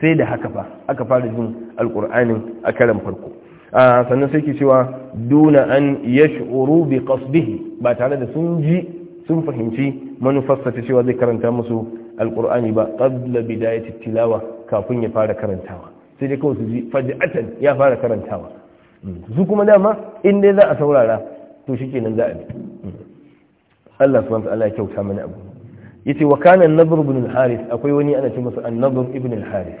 sai da haka fa aka fara jin alkur'anin a karan farko sannan sai ke cewa duna an yash'uru bi qasdihi ba tare da sun ji sun fahimci manufarsa ta cewa zai karanta musu alkur'ani ba qabla bidayati tilawa kafin ya fara karantawa sai dai kawai su ji faji'atan ya fara karantawa hmm. su kuma dama in dai za a saurara to shikenan za a bi hmm. Allah subhanahu wa ta'ala ya kyauta mana abu yace wa kana an-nadr ibn al-harith akwai wani ana ce masa an-nadr ibn al-harith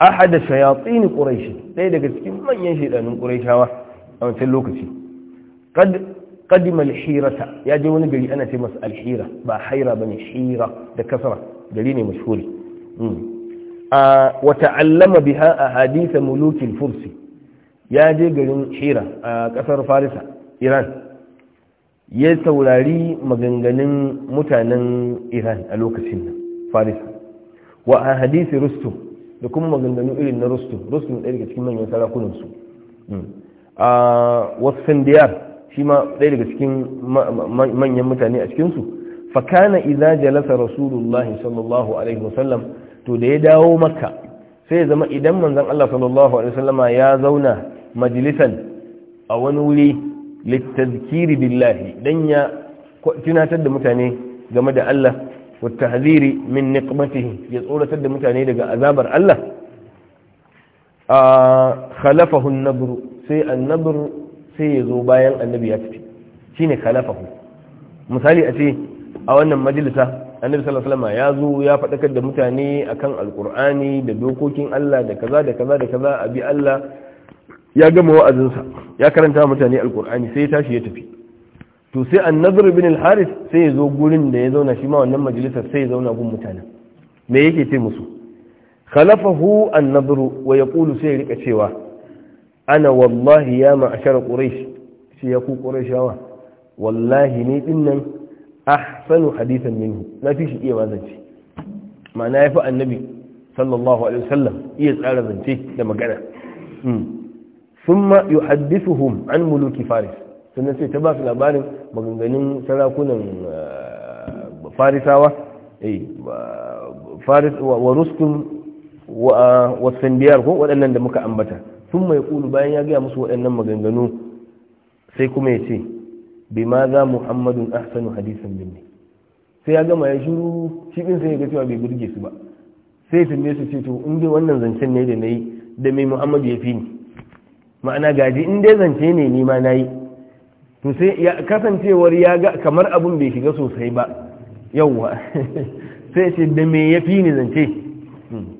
ahad shayatin quraish dai daga cikin manyan shedanin quraishawa a wancan lokaci qad qadima al-hirata ya je wani gari ana ce masa al-hira ba haira bane hira da kasara gari ne mashhuri hmm. a wa ta'allama biha ahadith muluk al Fursi. ya je garin hira a kasar farisa iran ya taurari maganganun mutanen iran a lokacin nan faris wa a hadisi rustum da kuma maganganun irin na rustum rustum ɗaya daga cikin manyan sarakunansu hmm. a wasu sandiyar shi ma ɗaya daga cikin manyan mutane a cikinsu fakana iza jalasa rasulullahi sallallahu alaihi wasallam to da ya dawo maka sai ya zama idan manzon Allah sallallahu alaihi wasallama ya zauna majalisan a wani wuri littazkiri billahi dan ya tunatar da mutane game da Allah wa tahziri min niqmatihi ya tsoratar da mutane daga azabar Allah a khalafahu an-nabr sai an-nabr sai ya bayan annabi ya tafi shine khalafahu misali a ce a wannan majalisa annabi sallallahu alaihi ya zo ya fadakar da mutane akan alkur'ani da dokokin Allah da kaza da kaza a bi Allah ya gama wa'azinsa ya karanta mutane alkur'ani sai ya tashi ya tafi to sai annazar bin al-haris sai ya zo gurin da ya zauna shi ma wannan majalisar sai ya zauna gun mutane me yake ce musu khalafahu an-nadr wa yaqulu sai ya rika cewa ana wallahi ya ma'ashara quraish shi ya ku qurayshawa wallahi ni dinnan ahsanu hadithan minhu na fi shi iya wazanci ma'ana yafi annabi sallallahu alaihi wasallam iya tsara zance da magana hmm. thumma hum an muluki faris sannan sai ta ba su labarin maganganun sarakunan eh, farisawa eh, faris wa ruskun wasan biyar ko waɗannan da muka ambata sun mai kulu bayan ya gaya musu waɗannan maganganu sai kuma ya ce bi ma za muhammadun ahsanu hadisan binne? sai ya gama ya shiru cikin sai ya ga cewa bai burge su ba sai ya tambaye su ce to in wannan zancen ne da na yi da mai muhammadu ya fi ni ma'ana gaji in dai zance ne ni ma nayi to sai ya kasancewar ya ga kamar abun bai shiga sosai ba yawwa [LAUGHS] sai ce da me yafi ni zance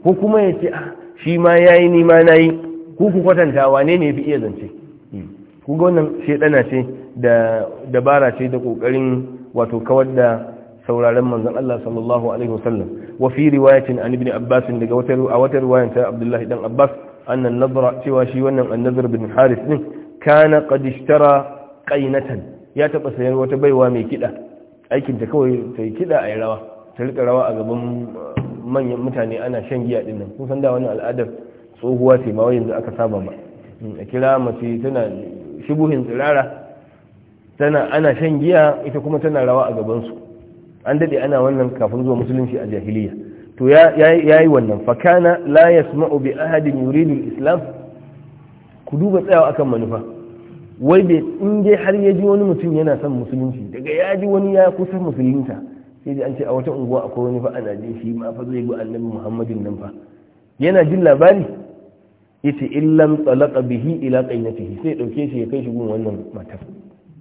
ko kuma ya ce ah shi ma yayi ni ma nayi ku ku kwatanta wane ne yafi iya zance ku ga wannan shedana ce da dabara ce da kokarin wato kawar da sauraron manzon Allah sallallahu alaihi wasallam wa fi riwayatin an ibn Abbas daga wata a wata riwayar ta abdullahi dan Abbas annan nadra cewa shi wannan annadar bin haris din kana qad ishtara qainatan ya taba sayar wata baiwa mai kida aikin ta kawai ta yi kida a rawa ta rika rawa a gaban manyan mutane ana shan giya din nan san da wannan al'adar tsohuwa ce ma yanzu aka saba ba a kira mace tana shubuhin tsirara ana shan giya ita kuma tana rawa a gaban su an daɗe ana wannan kafin zuwa musulunci a jahiliya to ya yi wannan fakana la ya bi ahadin yuridul islam ku duba tsayawa akan manufa wai bai in je har ya ji wani mutum yana son musulunci daga ya ji wani ya kusa musulunta sai an ce a wata unguwa akwai wani fa ana jin shi ma fa zai bi annabi muhammadin nan fa yana jin labari yace illan talaqa bihi ila qainatihi sai dauke shi ya kai shi gun wannan matar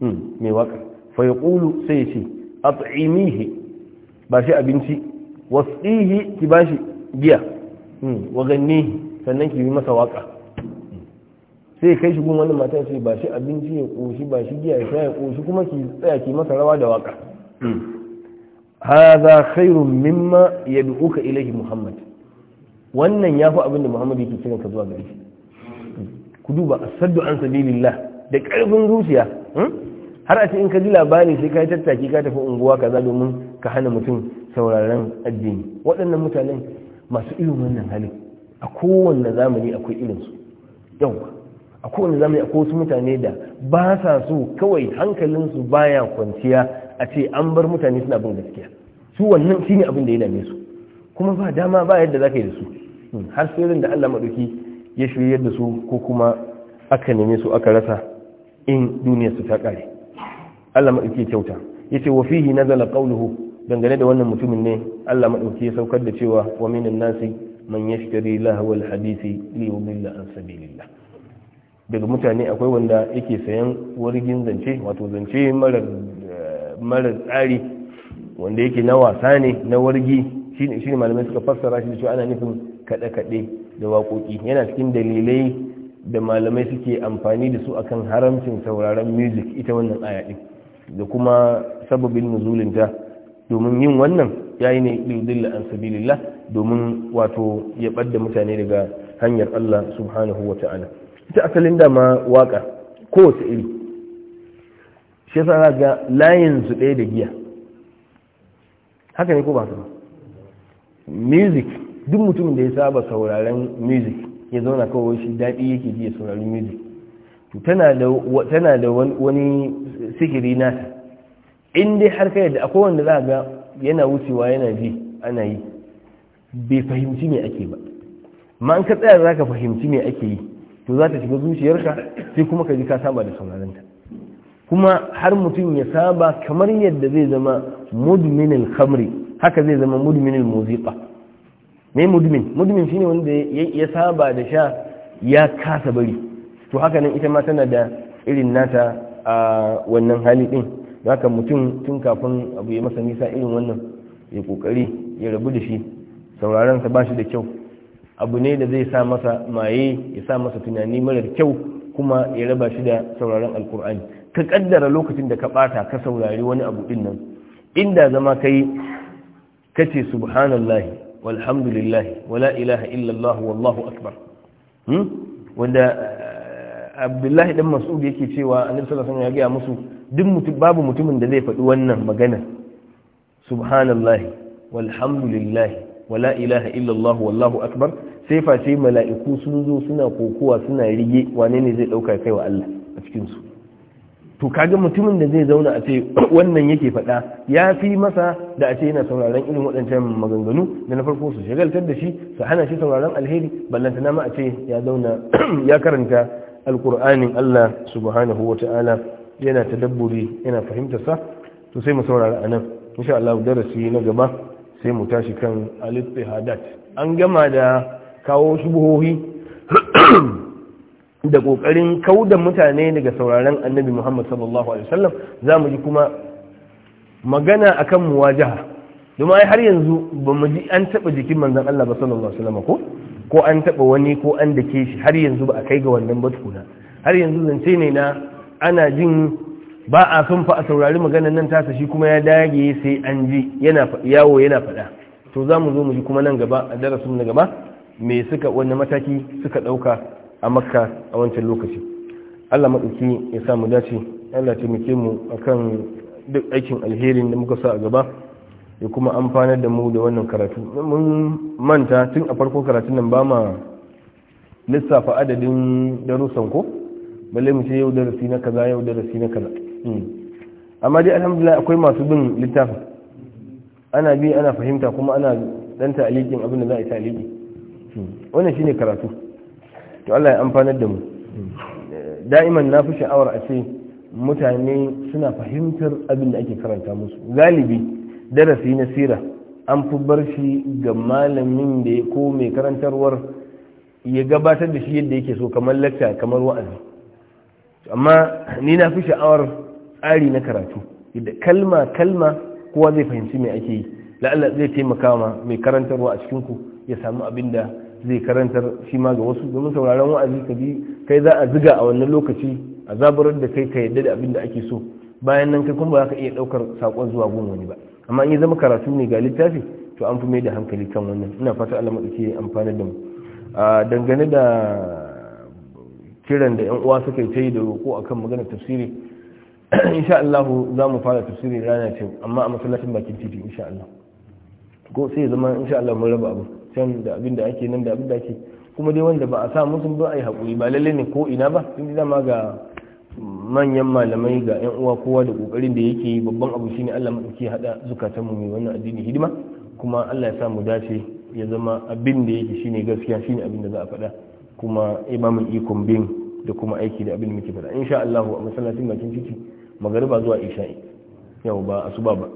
hmm, mai waka fa yaqulu sai yace at'imihi ba shi abinci wasihi ki bashi giya hmm, wa ganni sannan ki yi masa waka sai kai shi gun wannan mata sai ba shi abinci ya koshi ba shi giya ya sha ya koshi kuma ki tsaya ki masa rawa da waka hadha hmm. khairun mimma yad'uka ilayhi muhammad wannan yafi abin da muhammad yake kiran ka zuwa gare shi ku duba asaddu an sabilillah da karfin zuciya hmm? har a ce in ka ji labari sai ka yi tattaki ka tafi unguwa kaza domin ka hana mutum sauraron addini waɗannan mutanen masu irin wannan halin a kowanne zamani akwai ilinsu yau a kowane zamani akwai wasu mutane da ba sa so kawai hankalinsu baya kwanciya a ce an bar mutane suna bin gaskiya su wannan shine abin da ya dame su kuma ba dama ba yadda za ka yi da su hmm, har sai da Allah maɗauki ya shirya da su ko kuma aka neme su aka rasa in duniya su ta ƙare Allah maɗauki kyauta ya ce wa fihi nazala ƙaunuhu dangane da wannan mutumin ne Allah maɗauki ya saukar da cewa wa minan nasi man yashtari lahwal hadisi li yudilla an sabilillah daga mutane akwai wanda yake sayan wargin zance wato zance mara tsari wanda yake na wasa ne na wargi shine shine malamai suka fassara shi da cewa ana nufin kada kade da waƙoƙi yana cikin dalilai da malamai suke amfani da su akan haramcin sauraron music ita wannan aya din da kuma sababin nuzulinta domin yin wannan ya yi ne lidilla an sabilillah domin wato ya ɓadda mutane daga hanyar Allah subhanahu wa ta'ala ita asalin dama waka kowace iri shi yasa ga layin su ɗaya da giya haka ne ko ba su ba, music duk mutumin da ya saba sauraren music ya zauna kawai shi daɗi yake ji ya saurari music tana da wani sikiri nata in dai har kai da akwai wanda za ga yana wucewa yana ji ana yi bai fahimci me ake ba ma an ka tsaya za ka fahimci me ake yi to za ta shiga zuciyarka sai kuma ka ji ka saba da sauraronta kuma har mutum ya saba kamar yadda zai zama mudminil khamri haka zai zama mudminil muziqa me mudmin mudmin shine wanda ya saba da sha ya kasa bari to haka nan ita ma tana da irin nata a wannan hali din haka mutum tun kafin abu ya masa nisa irin wannan ya kokari ya rabu da shi sauraron ba bashi da kyau abu ne da zai sa masa maye ya sa masa tunani marar kyau kuma ya raba shi da sauraron alkur'ani ka kaddara lokacin da ka bata ka saurari wani abu din nan inda zama kai kace subhanallah walhamdulillah wala ilaha illallah wallahu akbar hmm? wanda eh, abdullahi dan mas'ud yake cewa annabi sallallahu alaihi wasallam ya ga musu duk mutum babu mutumin da zai faɗi wannan magana subhanallahi walhamdulillahi wala ilaha illallah wallahu akbar sai face mala'iku sun zo suna kokowa suna rige wane ne zai dauka kai wa Allah a cikin su to kaga mutumin da zai zauna a ce [COUGHS] wannan yake faɗa ya fi masa da a ce yana sauraron irin waɗancan maganganu da na farko su shagaltar da shi su hana shi sauraron alheri ballanta nama a ce ya zauna [COUGHS] ya karanta alkur'anin Allah subhanahu wa ta'ala yana tadabburi yana fahimtarsa sa to sai mu saurara anan insha Allah darasi na gaba sai mu tashi kan al-istihadat an gama da kawo shubuhohi [CLEARS THROAT] da kokarin kauda mutane daga sauraron annabi Muhammad sallallahu alaihi wasallam zamu ji kuma magana akan muwajaha domin ai har yanzu ba mu ji an taba jikin manzon Allah ba sallallahu alaihi wasallam ko ko an taba wani ko an dake shi har yanzu ba a kai ga wannan batuna har yanzu zance ne na ana jin ba a son fa a saurari maganar nan tasa shi kuma ya dage sai an ji yana yawo yana faɗa to za mu zo mu ji kuma nan gaba a darasin na gaba me suka wani mataki suka ɗauka a makka a wancan lokaci allah maɗauki ya sa mu dace allah taimake mu akan duk aikin alherin da muka sa a gaba ya kuma amfanar da mu da wannan karatu mun manta tun a farko karatun nan ba ma lissafa adadin darussan ko balle mu ce yau darasi na kaza yau darasi na kaza hmm. amma dai alhamdulillah akwai masu bin littafin ana bi ana fahimta kuma ana dan ta'alikin abin da za a yi hmm. wannan shine karatu to Allah ya amfanar da mu hmm. da'iman na fi sha'awar a ce mutane suna fahimtar abin da ake karanta musu galibi darasi na sira an fi bar shi ga malamin da ya ko mai karantarwar ya gabatar da shi yadda yake so kamar lakta kamar wa'azi amma ni na fi sha'awar tsari na karatu yadda kalma kalma kowa zai fahimci mai ake yi la'alla zai taimaka ma mai karantarwa a cikinku ya samu abin da zai karantar shi ma ga wasu domin sauraron wa'azi ka bi kai za a ziga a wannan lokaci a zaburar da kai ka yadda da abin da ake so bayan nan kai kuma ba za ka iya ɗaukar sakon zuwa gun wani ba amma in ya zama karatu ne ga littafi to an fi mai da hankali kan wannan ina fata Allah maɗauki amfani da mu dangane da kiran da 'yan uwa suka yi ta yi da roƙo akan maganar tafsiri [CLEARS THROAT] insha Allah za mu fara tafsiri rana ce amma a masallacin bakin titi insha Allah ko sai zama insha Allah mun raba abu can da abin da ake nan da abin da ake kuma dai wanda ba a sa musu ba a yi haƙuri ba lalle ne ko ina ba tun da ma ga manyan malamai ga 'yan uwa kowa da kokarin da yake babban abu shine Allah maɗauki haɗa zukatan mu mai wannan addini hidima kuma Allah ya sa mu dace ya zama abin da yake shine gaskiya shine abin da za a faɗa kuma imamin ikon bin da kuma aiki da abin muke faɗa insha Allah a masallacin bakin titi magariba zuwa isha'i yau ba asuba ba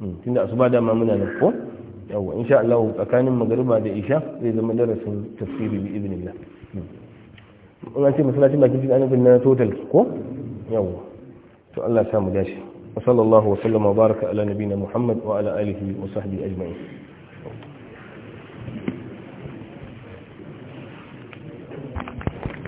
hmm, tunda asuba dama muna nan ko yau insha Allah tsakanin magariba da isha zai zama darasin tafsiri bi ibnillah hmm. in an masallacin bakin titi an na total ko yau to Allah ya samu dashi wa sallallahu wa sallama baraka ala nabina Muhammad wa ala alihi wa sahbihi ajma'in